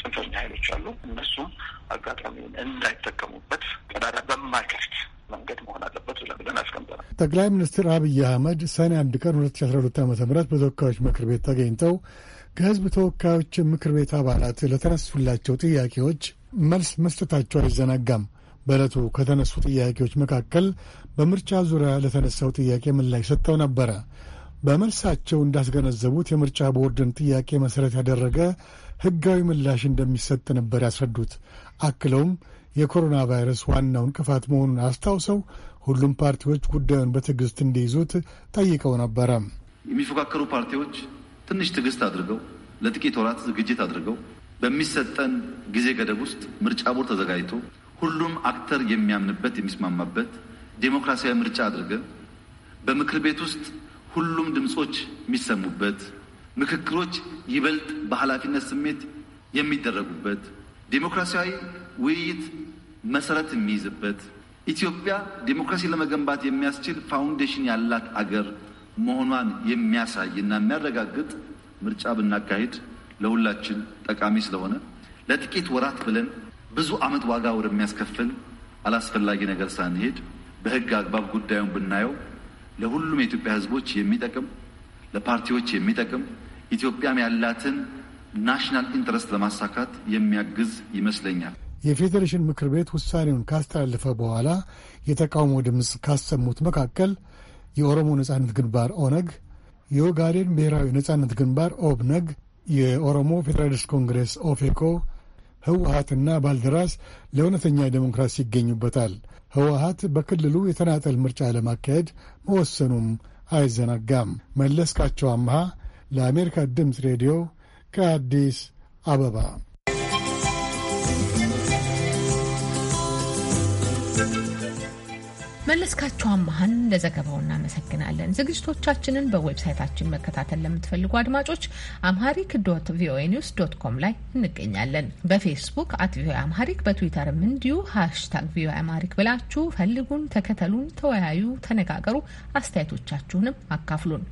ጽንፈኛ ኃይሎች አሉ። እነሱም አጋጣሚውን እንዳይጠቀሙበት ቀዳዳ በማይከፍት መንገድ መሆን አለበት ብለን አስቀምጠናል። ጠቅላይ ሚኒስትር አብይ አህመድ ሰኔ አንድ ቀን ሁለት ሺ አስራ ሁለት ዓመተ ምህረት በተወካዮች ምክር ቤት ተገኝተው ከህዝብ ተወካዮች ምክር ቤት አባላት ለተነሱላቸው ጥያቄዎች መልስ መስጠታቸው አይዘነጋም። በዕለቱ ከተነሱ ጥያቄዎች መካከል በምርጫ ዙሪያ ለተነሳው ጥያቄ ምላሽ ሰጥተው ነበረ። በመልሳቸው እንዳስገነዘቡት የምርጫ ቦርድን ጥያቄ መሠረት ያደረገ ሕጋዊ ምላሽ እንደሚሰጥ ነበር ያስረዱት። አክለውም የኮሮና ቫይረስ ዋናው እንቅፋት መሆኑን አስታውሰው ሁሉም ፓርቲዎች ጉዳዩን በትዕግስት እንዲይዙት ጠይቀው ነበረ። የሚፎካከሩ ፓርቲዎች ትንሽ ትዕግስት አድርገው ለጥቂት ወራት ዝግጅት አድርገው በሚሰጠን ጊዜ ገደብ ውስጥ ምርጫ ቦርድ ተዘጋጅቶ ሁሉም አክተር የሚያምንበት የሚስማማበት ዴሞክራሲያዊ ምርጫ አድርገን በምክር ቤት ውስጥ ሁሉም ድምፆች የሚሰሙበት ምክክሮች ይበልጥ በኃላፊነት ስሜት የሚደረጉበት ዴሞክራሲያዊ ውይይት መሰረት የሚይዝበት ኢትዮጵያ ዴሞክራሲ ለመገንባት የሚያስችል ፋውንዴሽን ያላት አገር መሆኗን የሚያሳይ እና የሚያረጋግጥ ምርጫ ብናካሄድ ለሁላችን ጠቃሚ ስለሆነ ለጥቂት ወራት ብለን ብዙ ዓመት ዋጋ ወደሚያስከፍል አላስፈላጊ ነገር ሳንሄድ በህግ አግባብ ጉዳዩን ብናየው ለሁሉም የኢትዮጵያ ህዝቦች የሚጠቅም ለፓርቲዎች የሚጠቅም ኢትዮጵያም ያላትን ናሽናል ኢንትረስት ለማሳካት የሚያግዝ ይመስለኛል። የፌዴሬሽን ምክር ቤት ውሳኔውን ካስተላለፈ በኋላ የተቃውሞ ድምፅ ካሰሙት መካከል የኦሮሞ ነጻነት ግንባር ኦነግ፣ የኦጋዴን ብሔራዊ ነጻነት ግንባር ኦብነግ፣ የኦሮሞ ፌዴራሊስት ኮንግሬስ ኦፌኮ ህወሀትና ባልደራስ ለእውነተኛ ዴሞክራሲ ይገኙበታል። ህወሀት በክልሉ የተናጠል ምርጫ ለማካሄድ መወሰኑም አይዘነጋም። መለስካቸው አምሃ ለአሜሪካ ድምፅ ሬዲዮ ከአዲስ አበባ መለስካቸው አማሃን ለዘገባው እናመሰግናለን። ዝግጅቶቻችንን በዌብሳይታችን መከታተል ለምትፈልጉ አድማጮች አምሃሪክ ዶት ቪኦኤ ኒውስ ዶት ኮም ላይ እንገኛለን። በፌስቡክ አት ቪኦኤ አምሃሪክ፣ በትዊተርም እንዲሁ ሃሽታግ ቪኦኤ አምሃሪክ ብላችሁ ፈልጉን፣ ተከተሉን፣ ተወያዩ፣ ተነጋገሩ። አስተያየቶቻችሁንም አካፍሉን።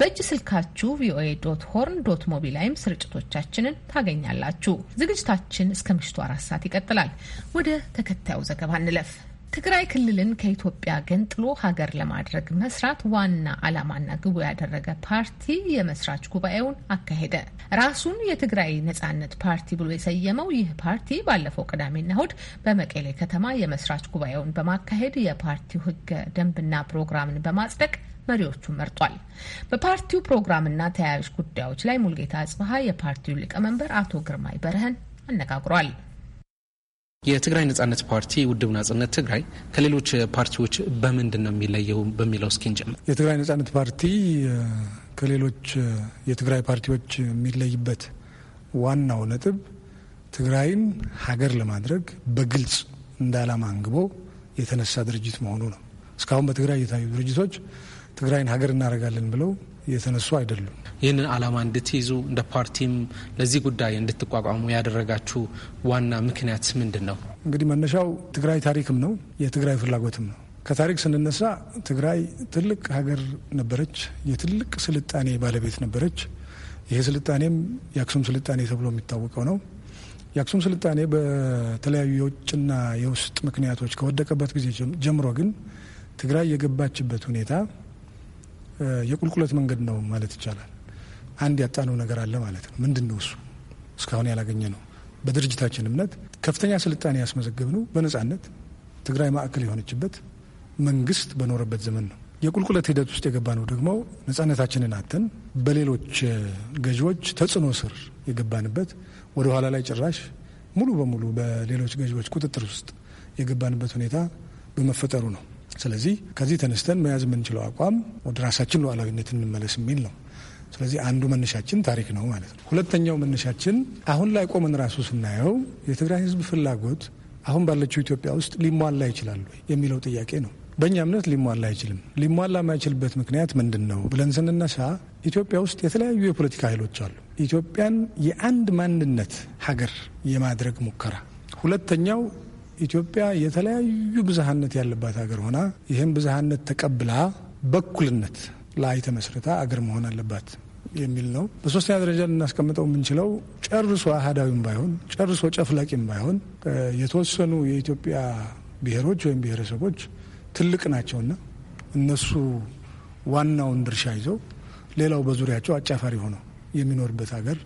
በእጅ ስልካችሁ ቪኦኤ ዶት ሆርን ዶት ሞቢ ላይም ስርጭቶቻችንን ታገኛላችሁ። ዝግጅታችን እስከ ምሽቱ አራት ሰዓት ይቀጥላል። ወደ ተከታዩ ዘገባ እንለፍ። ትግራይ ክልልን ከኢትዮጵያ ገንጥሎ ሀገር ለማድረግ መስራት ዋና ዓላማና ግቡ ያደረገ ፓርቲ የመስራች ጉባኤውን አካሄደ። ራሱን የትግራይ ነጻነት ፓርቲ ብሎ የሰየመው ይህ ፓርቲ ባለፈው ቅዳሜና እሁድ በመቀሌ ከተማ የመስራች ጉባኤውን በማካሄድ የፓርቲው ህገ ደንብና ፕሮግራምን በማጽደቅ መሪዎቹን መርጧል። በፓርቲው ፕሮግራምና ተያያዥ ጉዳዮች ላይ ሙልጌታ አጽበሀ የፓርቲው ሊቀመንበር አቶ ግርማይ በረህን አነጋግሯል። የትግራይ ነጻነት ፓርቲ ውድብ ናጽነት ትግራይ ከሌሎች ፓርቲዎች በምንድን ነው የሚለየው በሚለው እስኪን ጀምር። የትግራይ ነጻነት ፓርቲ ከሌሎች የትግራይ ፓርቲዎች የሚለይበት ዋናው ነጥብ ትግራይን ሀገር ለማድረግ በግልጽ እንደ ዓላማ አንግቦ የተነሳ ድርጅት መሆኑ ነው። እስካሁን በትግራይ የታዩ ድርጅቶች ትግራይን ሀገር እናደርጋለን ብለው የተነሱ አይደሉም። ይህንን ዓላማ እንድትይዙ እንደ ፓርቲም ለዚህ ጉዳይ እንድትቋቋሙ ያደረጋችሁ ዋና ምክንያት ምንድን ነው? እንግዲህ መነሻው ትግራይ ታሪክም ነው፣ የትግራይ ፍላጎትም ነው። ከታሪክ ስንነሳ ትግራይ ትልቅ ሀገር ነበረች። የትልቅ ስልጣኔ ባለቤት ነበረች። ይሄ ስልጣኔም የአክሱም ስልጣኔ ተብሎ የሚታወቀው ነው። የአክሱም ስልጣኔ በተለያዩ የውጭና የውስጥ ምክንያቶች ከወደቀበት ጊዜ ጀምሮ ግን ትግራይ የገባችበት ሁኔታ የቁልቁለት መንገድ ነው ማለት ይቻላል። አንድ ያጣነው ነገር አለ ማለት ነው። ምንድን ነው እሱ? እስካሁን ያላገኘ ነው። በድርጅታችን እምነት ከፍተኛ ስልጣኔ ያስመዘገብነው በነጻነት ትግራይ ማዕከል የሆነችበት መንግስት በኖረበት ዘመን ነው። የቁልቁለት ሂደት ውስጥ የገባነው ደግሞ ነጻነታችንን አተን በሌሎች ገዢዎች ተጽዕኖ ስር የገባንበት ወደ ኋላ ላይ ጭራሽ ሙሉ በሙሉ በሌሎች ገዢዎች ቁጥጥር ውስጥ የገባንበት ሁኔታ በመፈጠሩ ነው። ስለዚህ ከዚህ ተነስተን መያዝ የምንችለው አቋም ወደ ራሳችን ሉዓላዊነት እንመለስ የሚል ነው። ስለዚህ አንዱ መነሻችን ታሪክ ነው ማለት ነው። ሁለተኛው መነሻችን አሁን ላይ ቆመን ራሱ ስናየው የትግራይ ህዝብ ፍላጎት አሁን ባለችው ኢትዮጵያ ውስጥ ሊሟላ ይችላል የሚለው ጥያቄ ነው። በእኛ እምነት ሊሟላ አይችልም። ሊሟላ የማይችልበት ምክንያት ምንድን ነው ብለን ስንነሳ ኢትዮጵያ ውስጥ የተለያዩ የፖለቲካ ኃይሎች አሉ። ኢትዮጵያን የአንድ ማንነት ሀገር የማድረግ ሙከራ። ሁለተኛው ኢትዮጵያ የተለያዩ ብዝሃነት ያለባት ሀገር ሆና ይህም ብዝሃነት ተቀብላ በኩልነት ላይ ተመስርታ አገር መሆን አለባት የሚል ነው። በሶስተኛ ደረጃ ልናስቀምጠው የምንችለው ጨርሶ አህዳዊም ባይሆን ጨርሶ ጨፍላቂም ባይሆን የተወሰኑ የኢትዮጵያ ብሔሮች ወይም ብሔረሰቦች ትልቅ ናቸውና እነሱ ዋናውን ድርሻ ይዘው ሌላው በዙሪያቸው አጫፋሪ ሆነው የሚኖርበት ሀገር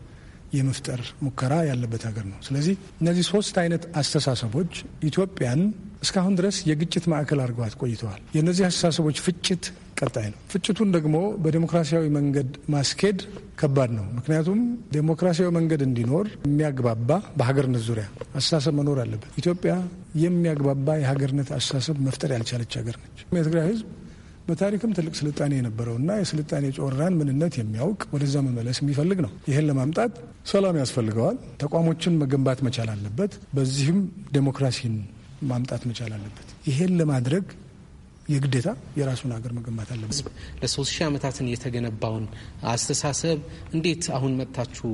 የመፍጠር ሙከራ ያለበት ሀገር ነው። ስለዚህ እነዚህ ሶስት አይነት አስተሳሰቦች ኢትዮጵያን እስካሁን ድረስ የግጭት ማዕከል አድርገዋት ቆይተዋል። የእነዚህ አስተሳሰቦች ፍጭት ቀጣይ ነው። ፍጭቱን ደግሞ በዴሞክራሲያዊ መንገድ ማስኬድ ከባድ ነው። ምክንያቱም ዴሞክራሲያዊ መንገድ እንዲኖር የሚያግባባ በሀገርነት ዙሪያ አስተሳሰብ መኖር አለበት። ኢትዮጵያ የሚያግባባ የሀገርነት አስተሳሰብ መፍጠር ያልቻለች ሀገር ነች። የትግራይ ህዝብ በታሪክም ትልቅ ስልጣኔ የነበረውና የስልጣኔ ጮራን ምንነት የሚያውቅ ወደዛ መመለስ የሚፈልግ ነው። ይህን ለማምጣት ሰላም ያስፈልገዋል። ተቋሞችን መገንባት መቻል አለበት። በዚህም ዴሞክራሲን ማምጣት መቻል አለበት። ይሄን ለማድረግ የግዴታ የራሱን ሀገር መገንባት አለ። ለሶስት ሺህ ዓመታትን የተገነባውን አስተሳሰብ እንዴት አሁን መጥታችሁ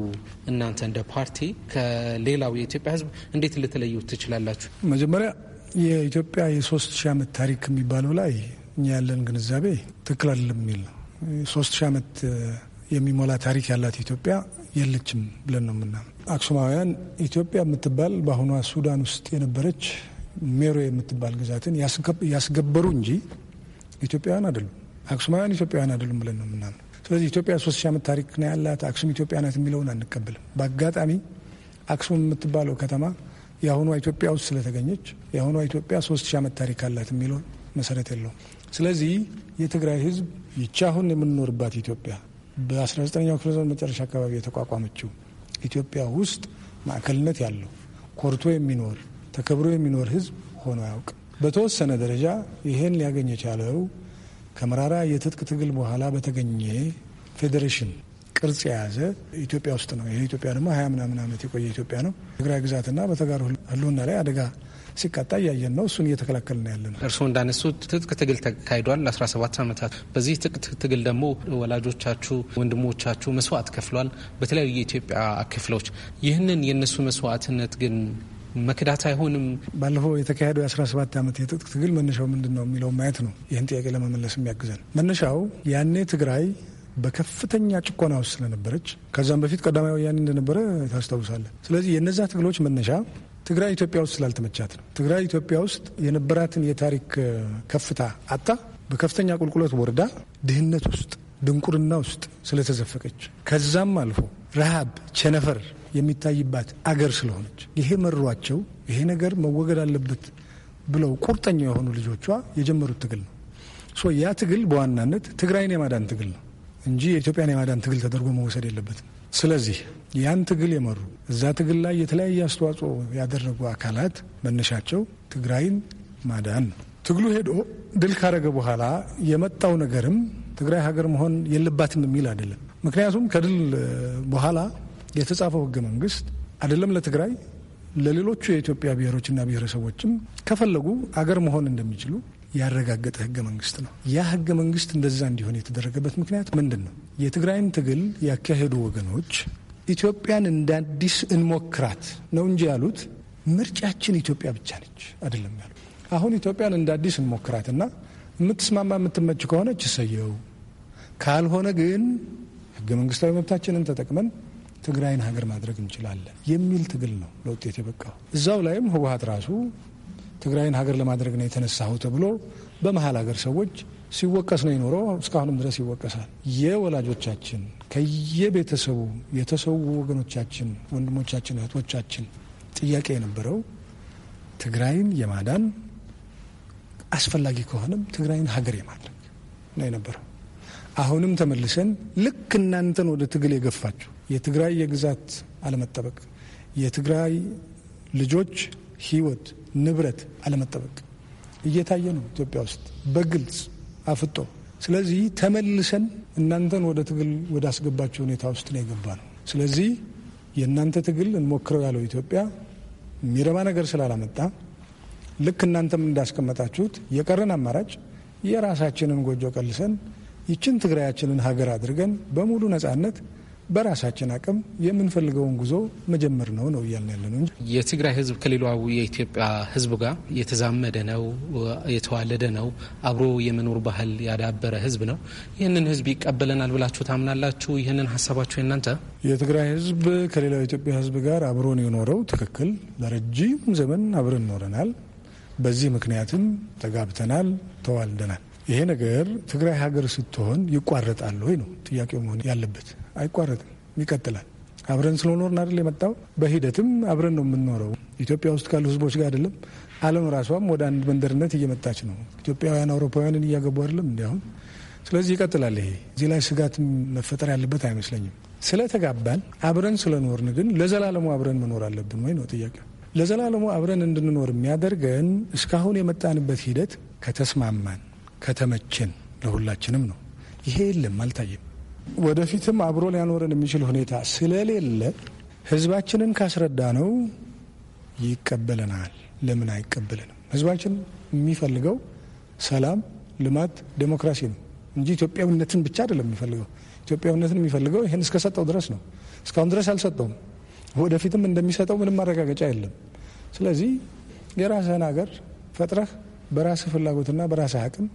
እናንተ እንደ ፓርቲ ከሌላው የኢትዮጵያ ህዝብ እንዴት ልትለዩ ትችላላችሁ? መጀመሪያ የኢትዮጵያ የሶስት ሺህ ዓመት ታሪክ የሚባለው ላይ እኛ ያለን ግንዛቤ ትክክል አይደለም የሚል ነው። ሶስት ሺህ ዓመት የሚሞላ ታሪክ ያላት ኢትዮጵያ የለችም ብለን ነው ምናምን። አክሱማውያን ኢትዮጵያ የምትባል በአሁኗ ሱዳን ውስጥ የነበረች ሜሮ የምትባል ግዛትን ያስገበሩ እንጂ ኢትዮጵያውያን አይደሉም፣ አክሱማውያን ኢትዮጵያውያን አይደሉም ብለን ነው የምናምነው። ስለዚህ ኢትዮጵያ ሶስት ሺህ ዓመት ታሪክ ነው ያላት። አክሱም ኢትዮጵያ ናት የሚለውን አንቀበልም። በአጋጣሚ አክሱም የምትባለው ከተማ የአሁኗ ኢትዮጵያ ውስጥ ስለተገኘች የአሁኗ ኢትዮጵያ ሶስት ሺህ ዓመት ታሪክ አላት የሚለውን መሰረት የለውም። ስለዚህ የትግራይ ህዝብ ይቻ አሁን የምንኖርባት ኢትዮጵያ በ19ኛው ክፍለ ዘመን መጨረሻ አካባቢ የተቋቋመችው ኢትዮጵያ ውስጥ ማዕከልነት ያለው ኮርቶ የሚኖር ተከብሮ የሚኖር ህዝብ ሆኖ አያውቅም። በተወሰነ ደረጃ ይሄን ሊያገኝ የቻለው ከመራራ የትጥቅ ትግል በኋላ በተገኘ ፌዴሬሽን ቅርጽ የያዘ ኢትዮጵያ ውስጥ ነው። ይሄ ኢትዮጵያ ደግሞ ሀያ ምናምን ዓመት የቆየ ኢትዮጵያ ነው። ትግራይ ግዛትና በተጋሩ ህልውና ላይ አደጋ ሲቃጣ እያየን ነው። እሱን እየተከላከልን ያለ ነው። እርስዎ እንዳነሱት ትጥቅ ትግል ተካሂዷል ለ17 ዓመታት። በዚህ ትጥቅ ትግል ደግሞ ወላጆቻችሁ፣ ወንድሞቻችሁ መስዋዕት ከፍሏል በተለያዩ የኢትዮጵያ ክፍሎች። ይህንን የእነሱ መስዋዕትነት ግን መክዳት አይሆንም። ባለፈው የተካሄደው የ17 ዓመት የትጥቅ ትግል መነሻው ምንድን ነው የሚለው ማየት ነው። ይህን ጥያቄ ለመመለስ የሚያግዘን መነሻው ያኔ ትግራይ በከፍተኛ ጭቆና ውስጥ ስለነበረች ከዛም በፊት ቀዳማዊ ወያኔ እንደነበረ ታስታውሳለን። ስለዚህ የነዛ ትግሎች መነሻ ትግራይ ኢትዮጵያ ውስጥ ስላልተመቻት ነው። ትግራይ ኢትዮጵያ ውስጥ የነበራትን የታሪክ ከፍታ አጣ በከፍተኛ ቁልቁለት ወርዳ ድህነት ውስጥ ድንቁርና ውስጥ ስለተዘፈቀች ከዛም አልፎ ረሃብ፣ ቸነፈር የሚታይባት አገር ስለሆነች ይሄ መሯቸው፣ ይሄ ነገር መወገድ አለበት ብለው ቁርጠኛ የሆኑ ልጆቿ የጀመሩት ትግል ነው። ሶ ያ ትግል በዋናነት ትግራይን የማዳን ትግል ነው እንጂ የኢትዮጵያን የማዳን ትግል ተደርጎ መወሰድ የለበትም። ስለዚህ ያን ትግል የመሩ እዛ ትግል ላይ የተለያየ አስተዋጽኦ ያደረጉ አካላት መነሻቸው ትግራይን ማዳን ነው። ትግሉ ሄዶ ድል ካረገ በኋላ የመጣው ነገርም ትግራይ ሀገር መሆን የለባትም የሚል አይደለም። ምክንያቱም ከድል በኋላ የተጻፈው ህገ መንግስት አይደለም ለትግራይ ለሌሎቹ የኢትዮጵያ ብሔሮችና ብሔረሰቦችም ከፈለጉ አገር መሆን እንደሚችሉ ያረጋገጠ ህገ መንግስት ነው። ያ ህገ መንግስት እንደዛ እንዲሆን የተደረገበት ምክንያት ምንድን ነው? የትግራይን ትግል ያካሄዱ ወገኖች ኢትዮጵያን እንደ አዲስ እንሞክራት ነው እንጂ ያሉት ምርጫችን ኢትዮጵያ ብቻ ነች አይደለም ያሉ። አሁን ኢትዮጵያን እንደ አዲስ እንሞክራትና የምትስማማ የምትመች ከሆነች እሰየው፣ ካልሆነ ግን ህገ መንግስታዊ መብታችንን ተጠቅመን ትግራይን ሀገር ማድረግ እንችላለን የሚል ትግል ነው ለውጤት የበቃው። እዛው ላይም ህወሀት ራሱ ትግራይን ሀገር ለማድረግ ነው የተነሳሁ ተብሎ በመሀል ሀገር ሰዎች ሲወቀስ ነው የኖረው። እስካሁንም ድረስ ይወቀሳል። የወላጆቻችን ከየቤተሰቡ የተሰዉ ወገኖቻችን፣ ወንድሞቻችን፣ እህቶቻችን ጥያቄ የነበረው ትግራይን የማዳን አስፈላጊ ከሆነም ትግራይን ሀገር የማድረግ ነው የነበረው። አሁንም ተመልሰን ልክ እናንተን ወደ ትግል የገፋችሁ የትግራይ የግዛት አለመጠበቅ፣ የትግራይ ልጆች ህይወት ንብረት አለመጠበቅ እየታየ ነው ኢትዮጵያ ውስጥ በግልጽ አፍጦ። ስለዚህ ተመልሰን እናንተን ወደ ትግል ወደ አስገባችሁ ሁኔታ ውስጥ ነው የገባ ነው። ስለዚህ የእናንተ ትግል እንሞክረው ያለው ኢትዮጵያ የሚረባ ነገር ስላላመጣ ልክ እናንተም እንዳስቀመጣችሁት የቀረን አማራጭ የራሳችንን ጎጆ ቀልሰን ይችን ትግራያችንን ሀገር አድርገን በሙሉ ነጻነት በራሳችን አቅም የምንፈልገውን ጉዞ መጀመር ነው ነው እያልን ያለ ነው የትግራይ ህዝብ ከሌላው የኢትዮጵያ ህዝብ ጋር የተዛመደ ነው፣ የተዋለደ ነው፣ አብሮ የመኖር ባህል ያዳበረ ህዝብ ነው። ይህንን ህዝብ ይቀበለናል ብላችሁ ታምናላችሁ? ይህንን ሀሳባችሁ የእናንተ የትግራይ ህዝብ ከሌላው የኢትዮጵያ ህዝብ ጋር አብሮን የኖረው ትክክል፣ ለረጅም ዘመን አብረን ኖረናል። በዚህ ምክንያትም ተጋብተናል፣ ተዋልደናል። ይሄ ነገር ትግራይ ሀገር ስትሆን ይቋረጣል ወይ ነው ጥያቄው መሆን ያለበት። አይቋረጥም፣ ይቀጥላል። አብረን ስለኖርን አይደል የመጣው። በሂደትም አብረን ነው የምንኖረው። ኢትዮጵያ ውስጥ ካሉ ህዝቦች ጋር አይደለም ዓለም ራሷም ወደ አንድ መንደርነት እየመጣች ነው። ኢትዮጵያውያን አውሮፓውያንን እያገቡ አይደለም እንዲያሁን። ስለዚህ ይቀጥላል። ይሄ እዚህ ላይ ስጋት መፈጠር ያለበት አይመስለኝም። ስለተጋባን አብረን ስለኖርን ግን ለዘላለሙ አብረን መኖር አለብን ወይ ነው ጥያቄው። ለዘላለሙ አብረን እንድንኖር የሚያደርገን እስካሁን የመጣንበት ሂደት ከተስማማን ከተመቸን ለሁላችንም ነው። ይሄ የለም፣ አልታየም። ወደፊትም አብሮ ሊያኖረን የሚችል ሁኔታ ስለሌለ ህዝባችንን ካስረዳ ነው ይቀበለናል። ለምን አይቀበለንም? ህዝባችን የሚፈልገው ሰላም፣ ልማት፣ ዴሞክራሲ ነው እንጂ ኢትዮጵያዊነትን ብቻ አይደለም የሚፈልገው። ኢትዮጵያዊነትን የሚፈልገው ይህን እስከሰጠው ድረስ ነው። እስካሁን ድረስ አልሰጠውም። ወደፊትም እንደሚሰጠው ምንም ማረጋገጫ የለም። ስለዚህ የራስህን ሀገር ፈጥረህ በራስህ ፍላጎትና በራስህ አቅም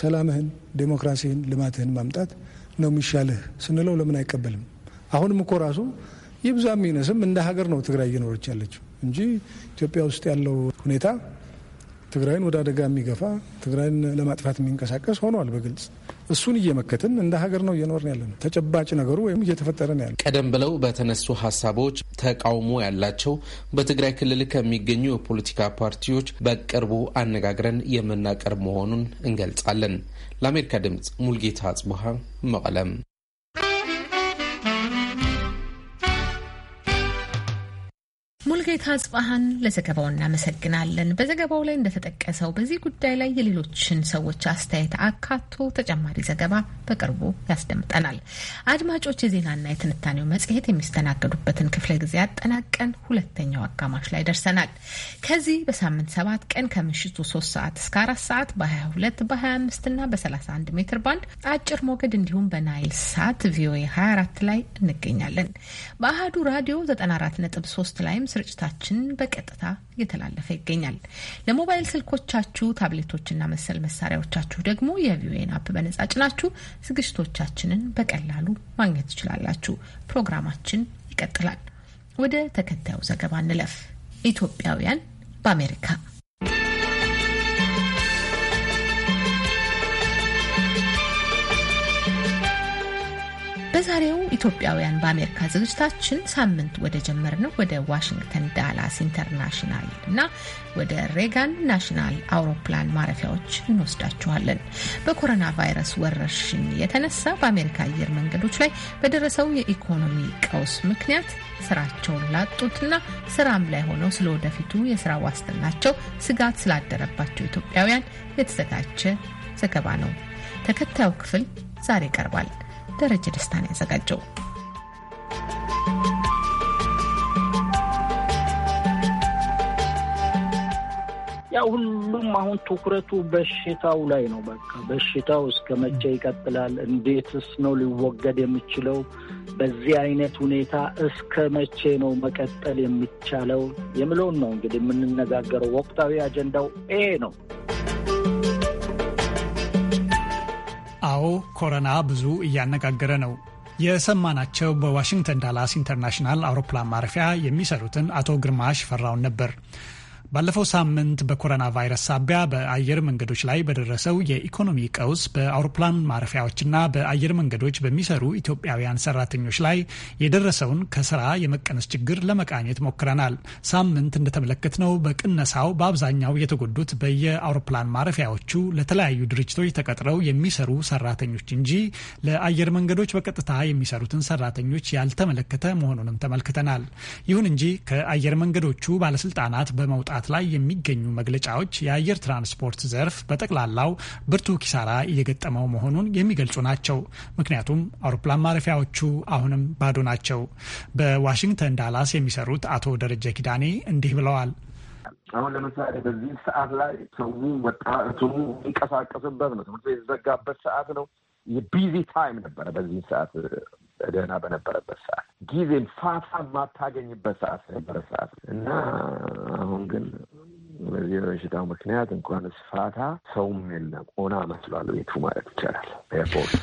ሰላምህን፣ ዴሞክራሲህን፣ ልማትህን ማምጣት ነው የሚሻልህ ስንለው ለምን አይቀበልም? አሁንም እኮ ራሱ ይብዛ የሚነስም እንደ ሀገር ነው ትግራይ እየኖረች ያለችው እንጂ ኢትዮጵያ ውስጥ ያለው ሁኔታ ትግራይን ወደ አደጋ የሚገፋ ትግራይን ለማጥፋት የሚንቀሳቀስ ሆኗል በግልጽ። እሱን እየመከትን እንደ ሀገር ነው እየኖርን ያለ ነው። ተጨባጭ ነገሩ ወይም እየተፈጠረ ነው ያለ። ቀደም ብለው በተነሱ ሀሳቦች ተቃውሞ ያላቸው በትግራይ ክልል ከሚገኙ የፖለቲካ ፓርቲዎች በቅርቡ አነጋግረን የምናቀርብ መሆኑን እንገልጻለን። ለአሜሪካ ድምጽ ሙልጌታ አጽቡሃ መቀለም ሙልጌታ ጽባሃን ለዘገባው እናመሰግናለን። በዘገባው ላይ እንደተጠቀሰው በዚህ ጉዳይ ላይ የሌሎችን ሰዎች አስተያየት አካቶ ተጨማሪ ዘገባ በቅርቡ ያስደምጠናል። አድማጮች፣ የዜናና የትንታኔው መጽሔት የሚስተናገዱበትን ክፍለ ጊዜ አጠናቀን ሁለተኛው አጋማሽ ላይ ደርሰናል። ከዚህ በሳምንት ሰባት ቀን ከምሽቱ ሶስት ሰዓት እስከ አራት ሰዓት በ22 በ25 እና በ31 ሜትር ባንድ አጭር ሞገድ እንዲሁም በናይል ሳት ቪኦኤ 24 ላይ እንገኛለን። በአህዱ ራዲዮ 94.3 ላይም ስርጭታችን በቀጥታ እየተላለፈ ይገኛል። ለሞባይል ስልኮቻችሁ፣ ታብሌቶችና መሰል መሳሪያዎቻችሁ ደግሞ የቪኦኤን አፕ በነጻ ጭናችሁ ዝግጅቶቻችንን በቀላሉ ማግኘት ትችላላችሁ። ፕሮግራማችን ይቀጥላል። ወደ ተከታዩ ዘገባ እንለፍ። ኢትዮጵያውያን በአሜሪካ በዛሬው ኢትዮጵያውያን በአሜሪካ ዝግጅታችን ሳምንት ወደ ጀመርነው ወደ ዋሽንግተን ዳላስ ኢንተርናሽናል እና ወደ ሬጋን ናሽናል አውሮፕላን ማረፊያዎች እንወስዳችኋለን። በኮሮና ቫይረስ ወረርሽኝ የተነሳ በአሜሪካ አየር መንገዶች ላይ በደረሰው የኢኮኖሚ ቀውስ ምክንያት ስራቸውን ላጡትና ስራም ላይ ሆነው ስለ ወደፊቱ የስራ ዋስትናቸው ስጋት ስላደረባቸው ኢትዮጵያውያን የተዘጋጀ ዘገባ ነው። ተከታዩ ክፍል ዛሬ ይቀርባል። ደረጀ ነው ያዘጋጀው። ያው ሁሉም አሁን ትኩረቱ በሽታው ላይ ነው። በቃ በሽታው እስከ መቼ ይቀጥላል? እንዴትስ ነው ሊወገድ የሚችለው? በዚህ አይነት ሁኔታ እስከ መቼ ነው መቀጠል የሚቻለው የሚለውን ነው እንግዲህ የምንነጋገረው። ወቅታዊ አጀንዳው ኤ ነው። አዎ ኮረና ብዙ እያነጋገረ ነው። የሰማናቸው በዋሽንግተን ዳላስ ኢንተርናሽናል አውሮፕላን ማረፊያ የሚሰሩትን አቶ ግርማ ሽፈራውን ነበር። ባለፈው ሳምንት በኮሮና ቫይረስ ሳቢያ በአየር መንገዶች ላይ በደረሰው የኢኮኖሚ ቀውስ በአውሮፕላን ማረፊያዎችና በአየር መንገዶች በሚሰሩ ኢትዮጵያውያን ሰራተኞች ላይ የደረሰውን ከስራ የመቀነስ ችግር ለመቃኘት ሞክረናል። ሳምንት እንደተመለከትነው በቅነሳው በአብዛኛው የተጎዱት በየአውሮፕላን ማረፊያዎቹ ለተለያዩ ድርጅቶች ተቀጥረው የሚሰሩ ሰራተኞች እንጂ ለአየር መንገዶች በቀጥታ የሚሰሩትን ሰራተኞች ያልተመለከተ መሆኑንም ተመልክተናል። ይሁን እንጂ ከአየር መንገዶቹ ባለስልጣናት በመውጣት ሰዓት ላይ የሚገኙ መግለጫዎች የአየር ትራንስፖርት ዘርፍ በጠቅላላው ብርቱ ኪሳራ እየገጠመው መሆኑን የሚገልጹ ናቸው። ምክንያቱም አውሮፕላን ማረፊያዎቹ አሁንም ባዶ ናቸው። በዋሽንግተን ዳላስ የሚሰሩት አቶ ደረጀ ኪዳኔ እንዲህ ብለዋል። አሁን ለምሳሌ በዚህ ሰዓት ላይ ሰው ወጣቱ የሚንቀሳቀስበት ነው። ትምህርት የተዘጋበት ሰዓት ነው። የቢዚ ታይም ነበረ። በዚህ ሰዓት ደህና በነበረበት ሰዓት ጊዜም ፋታ ማታገኝበት ሰዓት ነበረ ሰዓት እና በሽታው ምክንያት እንኳን ስፋታ ሰውም የለም ኦና መስሏል ቤቱ ማለት ይቻላል ኤርፖርት።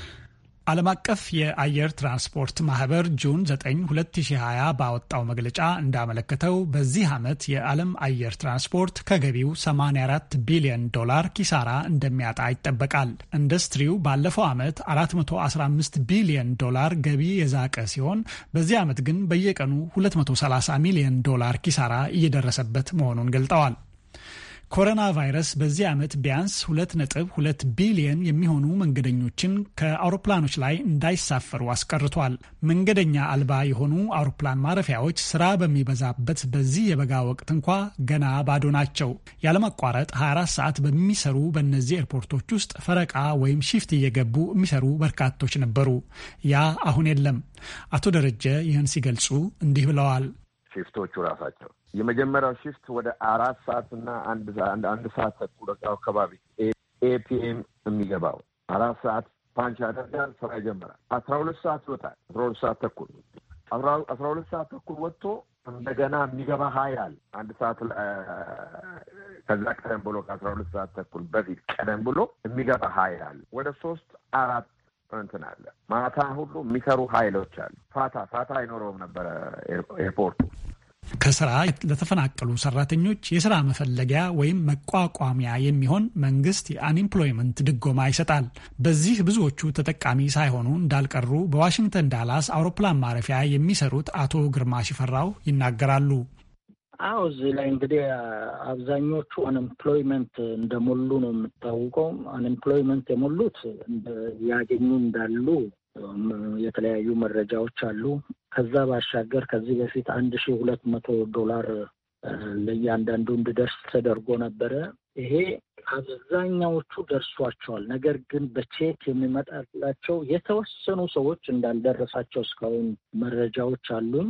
ዓለም አቀፍ የአየር ትራንስፖርት ማህበር ጁን 9 2020 ባወጣው መግለጫ እንዳመለከተው በዚህ ዓመት የዓለም አየር ትራንስፖርት ከገቢው 84 ቢሊዮን ዶላር ኪሳራ እንደሚያጣ ይጠበቃል። ኢንዱስትሪው ባለፈው ዓመት 415 ቢሊዮን ዶላር ገቢ የዛቀ ሲሆን በዚህ ዓመት ግን በየቀኑ 230 ሚሊዮን ዶላር ኪሳራ እየደረሰበት መሆኑን ገልጠዋል። ኮሮና ቫይረስ በዚህ ዓመት ቢያንስ 2.2 ቢሊየን የሚሆኑ መንገደኞችን ከአውሮፕላኖች ላይ እንዳይሳፈሩ አስቀርቷል። መንገደኛ አልባ የሆኑ አውሮፕላን ማረፊያዎች ስራ በሚበዛበት በዚህ የበጋ ወቅት እንኳ ገና ባዶ ናቸው። ያለማቋረጥ 24 ሰዓት በሚሰሩ በእነዚህ ኤርፖርቶች ውስጥ ፈረቃ ወይም ሺፍት እየገቡ የሚሰሩ በርካቶች ነበሩ። ያ አሁን የለም። አቶ ደረጀ ይህን ሲገልጹ እንዲህ ብለዋል። ሺፍቶቹ ራሳቸው የመጀመሪያው ሽፍት ወደ አራት ሰዓት እና አንድ ሰዓት ተኩል አካባቢ ኤፒኤም የሚገባው አራት ሰዓት ፓንች ያደርጋል፣ ስራ ይጀምራል። አስራ ሁለት ሰዓት ይወጣል። አስራ ሁለት ሰዓት ተኩል አስራ ሁለት ሰዓት ተኩል ወጥቶ እንደገና የሚገባ ሀያል አንድ ሰዓት ከዛ ቀደም ብሎ ከአስራ ሁለት ሰዓት ተኩል በፊት ቀደም ብሎ የሚገባ ሀያል ወደ ሶስት አራት እንትን አለ። ማታ ሁሉ የሚሰሩ ሀይሎች አሉ። ፋታ ፋታ አይኖረውም ነበረ ኤርፖርቱ ከስራ ለተፈናቀሉ ሰራተኞች የስራ መፈለጊያ ወይም መቋቋሚያ የሚሆን መንግስት የአንኤምፕሎይመንት ድጎማ ይሰጣል። በዚህ ብዙዎቹ ተጠቃሚ ሳይሆኑ እንዳልቀሩ በዋሽንግተን ዳላስ አውሮፕላን ማረፊያ የሚሰሩት አቶ ግርማ ሽፈራው ይናገራሉ። አዎ እዚህ ላይ እንግዲህ አብዛኞቹ አንኤምፕሎይመንት እንደሞሉ ነው የምታውቀው። አንኤምፕሎይመንት የሞሉት ያገኙ እንዳሉ የተለያዩ መረጃዎች አሉ። ከዛ ባሻገር ከዚህ በፊት አንድ ሺ ሁለት መቶ ዶላር ለእያንዳንዱ እንድደርስ ተደርጎ ነበረ። ይሄ አብዛኛዎቹ ደርሷቸዋል። ነገር ግን በቼክ የሚመጣላቸው የተወሰኑ ሰዎች እንዳልደረሳቸው እስካሁን መረጃዎች አሉን።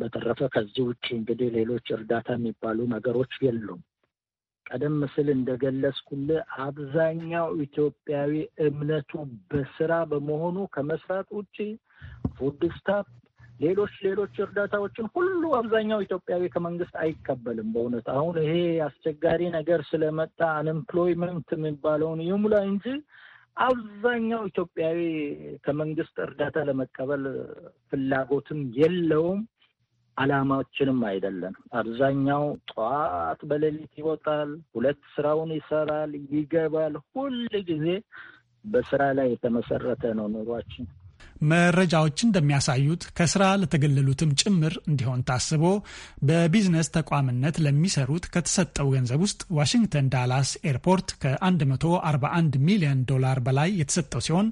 በተረፈ ከዚህ ውጭ እንግዲህ ሌሎች እርዳታ የሚባሉ ነገሮች የሉም። ቀደም ስል እንደገለጽኩልህ አብዛኛው ኢትዮጵያዊ እምነቱ በስራ በመሆኑ ከመስራት ውጭ ፉድ ስታፍ፣ ሌሎች ሌሎች እርዳታዎችን ሁሉ አብዛኛው ኢትዮጵያዊ ከመንግስት አይቀበልም። በእውነት አሁን ይሄ አስቸጋሪ ነገር ስለመጣ አንኤምፕሎይመንት የሚባለውን ይሙላ እንጂ አብዛኛው ኢትዮጵያዊ ከመንግስት እርዳታ ለመቀበል ፍላጎትም የለውም። አላማችንም አይደለም። አብዛኛው ጠዋት በሌሊት ይወጣል፣ ሁለት ስራውን ይሰራል፣ ይገባል። ሁል ጊዜ በስራ ላይ የተመሰረተ ነው ኑሯችን። መረጃዎች እንደሚያሳዩት ከስራ ለተገለሉትም ጭምር እንዲሆን ታስቦ በቢዝነስ ተቋምነት ለሚሰሩት ከተሰጠው ገንዘብ ውስጥ ዋሽንግተን ዳላስ ኤርፖርት ከ141 ሚሊዮን ዶላር በላይ የተሰጠው ሲሆን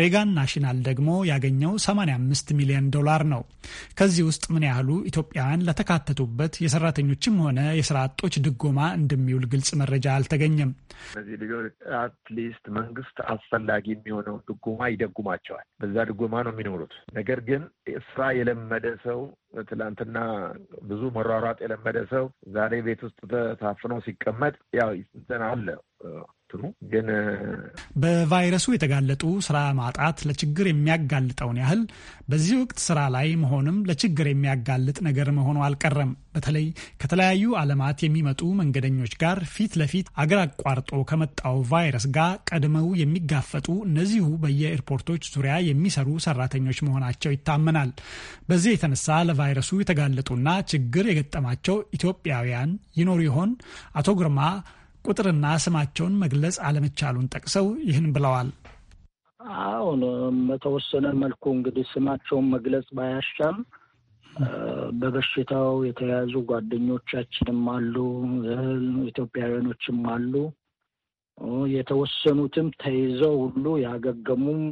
ሬጋን ናሽናል ደግሞ ያገኘው 85 ሚሊዮን ዶላር ነው። ከዚህ ውስጥ ምን ያህሉ ኢትዮጵያውያን ለተካተቱበት የሰራተኞችም ሆነ የስራ አጦች ድጎማ እንደሚውል ግልጽ መረጃ አልተገኘም። እነዚህ ልጆች አትሊስት መንግስት አስፈላጊ የሚሆነውን ድጎማ ይደጉማቸዋል። በዛ ጎማ ነው የሚኖሩት። ነገር ግን ስራ የለመደ ሰው ትላንትና ብዙ መሯሯጥ የለመደ ሰው ዛሬ ቤት ውስጥ ታፍኖ ሲቀመጥ ያው አለ ትሩ ግን በቫይረሱ የተጋለጡ ስራ ማጣት ለችግር የሚያጋልጠውን ያህል በዚህ ወቅት ስራ ላይ መሆንም ለችግር የሚያጋልጥ ነገር መሆኑ አልቀረም። በተለይ ከተለያዩ ዓለማት የሚመጡ መንገደኞች ጋር ፊት ለፊት አገር አቋርጦ ከመጣው ቫይረስ ጋር ቀድመው የሚጋፈጡ እነዚሁ በየኤርፖርቶች ዙሪያ የሚሰሩ ሰራተኞች መሆናቸው ይታመናል። በዚህ የተነሳ ለቫይረሱ የተጋለጡና ችግር የገጠማቸው ኢትዮጵያውያን ይኖሩ ይሆን? አቶ ግርማ ቁጥርና ስማቸውን መግለጽ አለመቻሉን ጠቅሰው ይህን ብለዋል። አሁን በተወሰነ መልኩ እንግዲህ ስማቸውን መግለጽ ባያሻም በበሽታው የተያዙ ጓደኞቻችንም አሉ፣ ኢትዮጵያውያኖችም አሉ። የተወሰኑትም ተይዘው ሁሉ ያገገሙም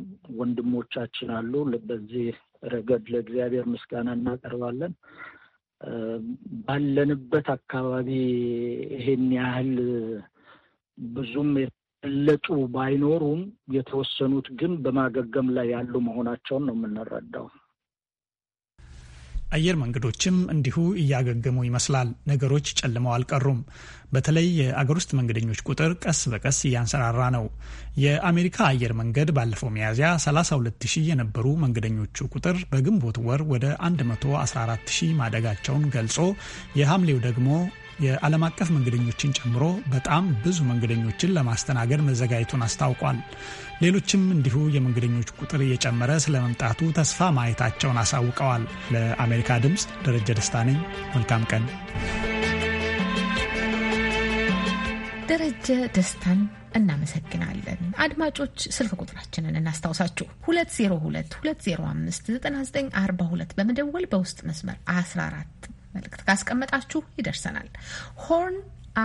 ወንድሞቻችን አሉ። በዚህ ረገድ ለእግዚአብሔር ምስጋና እናቀርባለን። ባለንበት አካባቢ ይሄን ያህል ብዙም የተለጡ ባይኖሩም የተወሰኑት ግን በማገገም ላይ ያሉ መሆናቸውን ነው የምንረዳው። አየር መንገዶችም እንዲሁ እያገገሙ ይመስላል። ነገሮች ጨልመው አልቀሩም። በተለይ የአገር ውስጥ መንገደኞች ቁጥር ቀስ በቀስ እያንሰራራ ነው። የአሜሪካ አየር መንገድ ባለፈው ሚያዝያ 32 ሺህ የነበሩ መንገደኞቹ ቁጥር በግንቦት ወር ወደ 114 ማደጋቸውን ገልጾ የሐምሌው ደግሞ የዓለም አቀፍ መንገደኞችን ጨምሮ በጣም ብዙ መንገደኞችን ለማስተናገድ መዘጋጀቱን አስታውቋል። ሌሎችም እንዲሁ የመንገደኞች ቁጥር እየጨመረ ስለመምጣቱ ተስፋ ማየታቸውን አሳውቀዋል። ለአሜሪካ ድምፅ ደረጀ ደስታ ነኝ። መልካም ቀን። ደረጀ ደስታን እናመሰግናለን። አድማጮች ስልክ ቁጥራችንን እናስታውሳችሁ 202 205 9942 በመደወል በውስጥ መስመር 14 መልእክት ካስቀመጣችሁ ይደርሰናል። ሆርን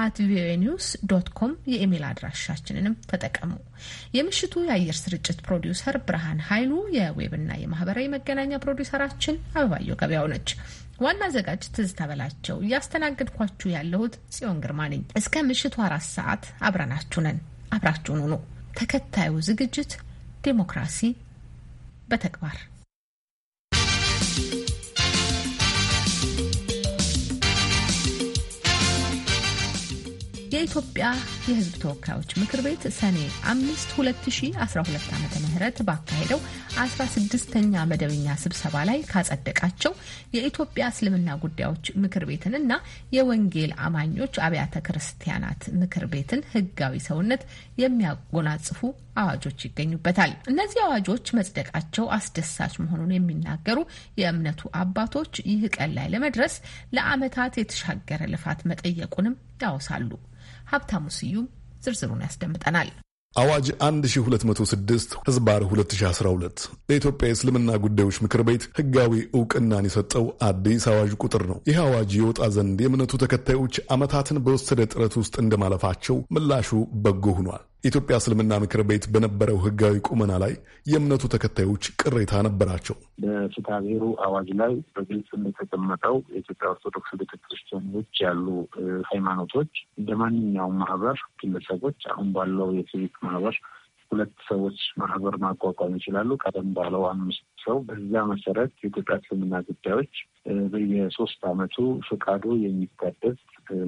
አት ቪኦኤ ኒውስ ዶት ኮም የኢሜል አድራሻችንንም ተጠቀሙ። የምሽቱ የአየር ስርጭት ፕሮዲውሰር ብርሃን ኃይሉ፣ የዌብና የማህበራዊ መገናኛ ፕሮዲውሰራችን አበባየው ገበያው ነች። ዋና አዘጋጅ ትዝታ በላቸው፣ እያስተናገድኳችሁ ያለሁት ጽዮን ግርማ ነኝ። እስከ ምሽቱ አራት ሰዓት አብረናችሁ ነን። አብራችሁን ሁኑ። ተከታዩ ዝግጅት ዴሞክራሲ በተግባር የኢትዮጵያ የሕዝብ ተወካዮች ምክር ቤት ሰኔ 5 2012 ዓ ም ባካሄደው 16ኛ መደበኛ ስብሰባ ላይ ካጸደቃቸው የኢትዮጵያ እስልምና ጉዳዮች ምክር ቤትን እና የወንጌል አማኞች አብያተ ክርስቲያናት ምክር ቤትን ህጋዊ ሰውነት የሚያጎናጽፉ አዋጆች ይገኙበታል። እነዚህ አዋጆች መጽደቃቸው አስደሳች መሆኑን የሚናገሩ የእምነቱ አባቶች ይህ ቀን ላይ ለመድረስ ለዓመታት የተሻገረ ልፋት መጠየቁንም ያወሳሉ። ሀብታሙ ስዩም ዝርዝሩን ያስደምጠናል። አዋጅ 1206 ህዝባር 2012 ለኢትዮጵያ የእስልምና ጉዳዮች ምክር ቤት ህጋዊ እውቅናን የሰጠው አዲስ አዋጅ ቁጥር ነው። ይህ አዋጅ የወጣ ዘንድ የእምነቱ ተከታዮች ዓመታትን በወሰደ ጥረት ውስጥ እንደማለፋቸው ምላሹ በጎ ሆኗል። የኢትዮጵያ እስልምና ምክር ቤት በነበረው ህጋዊ ቁመና ላይ የእምነቱ ተከታዮች ቅሬታ ነበራቸው። በፍትሐ ብሔሩ አዋጅ ላይ በግልጽ እንደተቀመጠው የኢትዮጵያ ኦርቶዶክስ ቤተክርስቲያኖች ያሉ ሃይማኖቶች እንደ ማንኛውም ማህበር ግለሰቦች አሁን ባለው የሲቪክ ማህበር ሁለት ሰዎች ማህበር ማቋቋም ይችላሉ። ቀደም ባለው አምስት ሰው። በዛ መሰረት የኢትዮጵያ እስልምና ጉዳዮች በየሶስት አመቱ ፍቃዱ የሚታደስ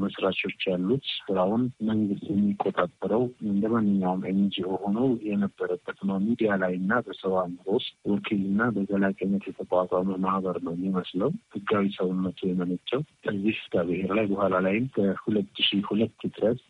መስራቾች ያሉት ስራውን መንግስት የሚቆጣጠረው እንደ ማንኛውም ኤንጂኦ ሆኖ የነበረበት ነው። ሚዲያ ላይ እና በሰው አምሮ ውስጥ ወኪልና በዘላቂነት የተቋቋመ ማህበር ነው የሚመስለው። ህጋዊ ሰውነቱ የመነጨው ከዚህ ብሔር ላይ በኋላ ላይም ከሁለት ሺ ሁለት ድረስ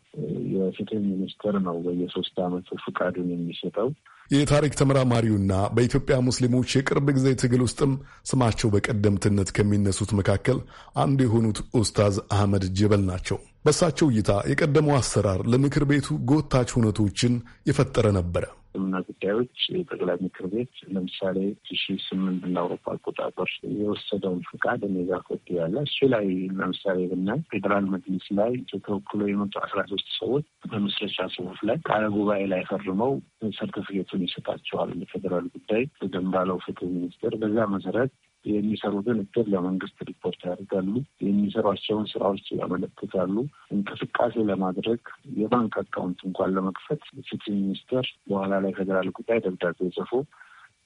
የፍትህ ሚኒስቴር ነው በየሶስት አመቱ ፍቃዱን የሚሰጠው። የታሪክ ተመራማሪውና በኢትዮጵያ ሙስሊሞች የቅርብ ጊዜ ትግል ውስጥም ስማቸው በቀደምትነት ከሚነሱት መካከል አንዱ የሆኑት ኡስታዝ አህመድ ጅበ ማዕበል ናቸው። በእሳቸው እይታ የቀደመው አሰራር ለምክር ቤቱ ጎታች ሁነቶችን የፈጠረ ነበረ። ሕክምና ጉዳዮች የጠቅላይ ምክር ቤት ለምሳሌ ሺ ስምንት እንደ አውሮፓ አቆጣጠር የወሰደውን ፍቃድ እኔ ጋር ኮፒ ያለ እሱ ላይ ለምሳሌ ብናይ ፌዴራል መጅሊስ ላይ ተወክሎ የመጡ አስራ ሶስት ሰዎች በመስረቻ ጽሁፍ ላይ ቃለ ጉባኤ ላይ ፈርመው ሰርተፍኬቱን ይሰጣቸዋል። ለፌዴራል ጉዳይ በደንባለው ፍትህ ሚኒስቴር በዛ መሰረት የሚሰሩትን እቅድ ለመንግስት ሪፖርት ያደርጋሉ። የሚሰሯቸውን ስራዎች ያመለክታሉ። እንቅስቃሴ ለማድረግ የባንክ አካውንት እንኳን ለመክፈት ፍትህ ሚኒስቴር በኋላ ላይ ፌዴራል ጉዳይ ደብዳቤ ጽፎ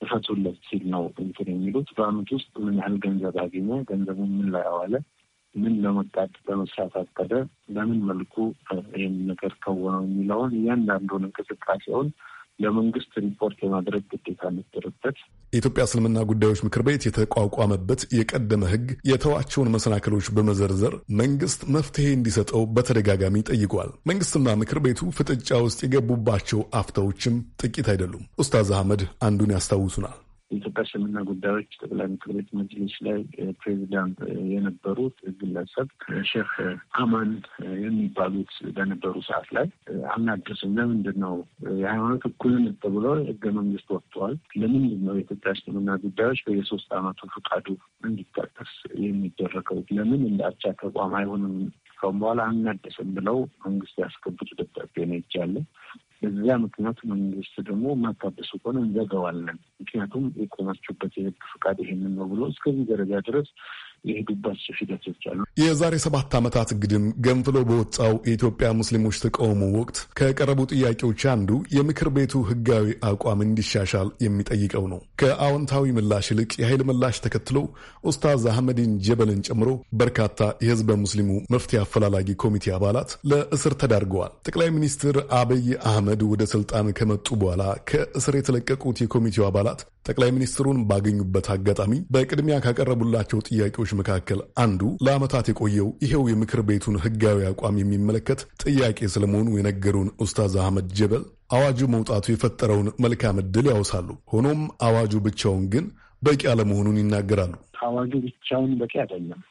እፈቱለት ሲል ነው እንትን የሚሉት። በአመት ውስጥ ምን ያህል ገንዘብ አገኘ፣ ገንዘቡን ምን ላይ አዋለ፣ ምን ለመጣት በመስራት አቀደ፣ በምን መልኩ ይህን ነገር ከወነው የሚለውን እያንዳንዱን እንቅስቃሴውን ለመንግስት ሪፖርት የማድረግ ግዴታ ነበረበት። የኢትዮጵያ እስልምና ጉዳዮች ምክር ቤት የተቋቋመበት የቀደመ ህግ የተዋቸውን መሰናክሎች በመዘርዘር መንግስት መፍትሄ እንዲሰጠው በተደጋጋሚ ጠይቋል። መንግስትና ምክር ቤቱ ፍጥጫ ውስጥ የገቡባቸው አፍታዎችም ጥቂት አይደሉም። ኡስታዝ አህመድ አንዱን ያስታውሱናል። የኢትዮጵያ እስልምና ጉዳዮች ጠቅላይ ምክር ቤት መጅሊስ ላይ ፕሬዚዳንት የነበሩት ግለሰብ ሼክ አማን የሚባሉት በነበሩ ሰዓት ላይ አናድርስም። ለምንድን ነው የሃይማኖት እኩልነት ተብሎ ህገ መንግስት ወጥተዋል። ለምንድን ነው የኢትዮጵያ እስልምና ጉዳዮች በየሶስት አመቱ ፍቃዱ እንዲጠቀስ የሚደረገው? ለምን እንደ አቻ ተቋም አይሆንም ከአሁን በኋላ አናደስም ብለው መንግስት ያስገቡት ደብዳቤ ነው ይቻለ እዚያ ምክንያቱ መንግስት ደግሞ ማታደሱ ከሆነ እንዘገዋለን፣ ምክንያቱም የቆማችሁበት የህግ ፍቃድ ይሄንን ነው ብሎ እስከዚህ ደረጃ ድረስ የሄዱባቸው ሂደቶች አሉ። የዛሬ ሰባት ዓመታት ግድም ገንፍሎ በወጣው የኢትዮጵያ ሙስሊሞች ተቃውሞ ወቅት ከቀረቡ ጥያቄዎች አንዱ የምክር ቤቱ ህጋዊ አቋም እንዲሻሻል የሚጠይቀው ነው። ከአዎንታዊ ምላሽ ይልቅ የኃይል ምላሽ ተከትሎ ኡስታዝ አህመዲን ጀበልን ጨምሮ በርካታ የህዝበ ሙስሊሙ መፍትሄ አፈላላጊ ኮሚቴ አባላት ለእስር ተዳርገዋል። ጠቅላይ ሚኒስትር አብይ አህመድ ወደ ስልጣን ከመጡ በኋላ ከእስር የተለቀቁት የኮሚቴው አባላት ጠቅላይ ሚኒስትሩን ባገኙበት አጋጣሚ በቅድሚያ ካቀረቡላቸው ጥያቄዎች ጥያቄዎች መካከል አንዱ ለዓመታት የቆየው ይኸው የምክር ቤቱን ሕጋዊ አቋም የሚመለከት ጥያቄ ስለመሆኑ የነገሩን ኡስታዝ አህመድ ጀበል አዋጁ መውጣቱ የፈጠረውን መልካም ዕድል ያውሳሉ። ሆኖም አዋጁ ብቻውን ግን በቂ አለመሆኑን ይናገራሉ። አዋጁ ብቻውን በቂ አይደለም።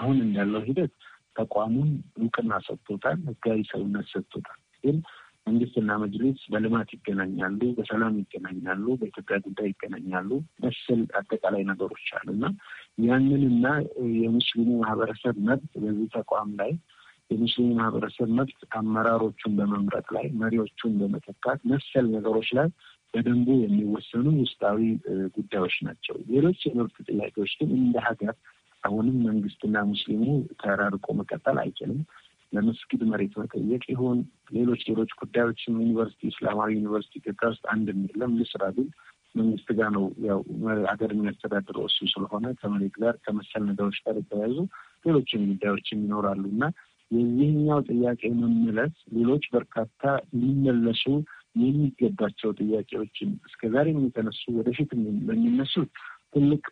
አሁን እንዳለው ሂደት ተቋሙን እውቅና ሰጥቶታል፣ ህጋዊ ሰውነት ሰጥቶታል። ግን መንግስትና መጅሊስ በልማት ይገናኛሉ፣ በሰላም ይገናኛሉ፣ በኢትዮጵያ ጉዳይ ይገናኛሉ መሰል አጠቃላይ ነገሮች አሉ እና ያንንና የሙስሊሙ ማህበረሰብ መብት በዚህ ተቋም ላይ የሙስሊሙ ማህበረሰብ መብት አመራሮቹን በመምረጥ ላይ መሪዎቹን በመተካት መሰል ነገሮች ላይ በደንቡ የሚወሰኑ ውስጣዊ ጉዳዮች ናቸው። ሌሎች የመብት ጥያቄዎች ግን እንደ ሀገር አሁንም መንግስትና ሙስሊሙ ተራርቆ መቀጠል አይችልም። ለመስጊድ መሬት መጠየቅ ይሁን ሌሎች ሌሎች ጉዳዮችም ዩኒቨርሲቲ፣ እስላማዊ ዩኒቨርሲቲ ኢትዮጵያ ውስጥ አንድም የለም። ልስራ ግን መንግስት ጋር ነው ያው ሀገር የሚያስተዳድረው እሱ ስለሆነ ከመሬት ጋር ከመሰል ነገሮች ጋር የተያያዙ ሌሎችም ጉዳዮችም ይኖራሉ እና የዚህኛው ጥያቄ መመለስ ሌሎች በርካታ ሊመለሱ የሚገባቸው ጥያቄዎችን እስከዛሬ የሚተነሱ ወደፊት የሚነሱት ትልቅ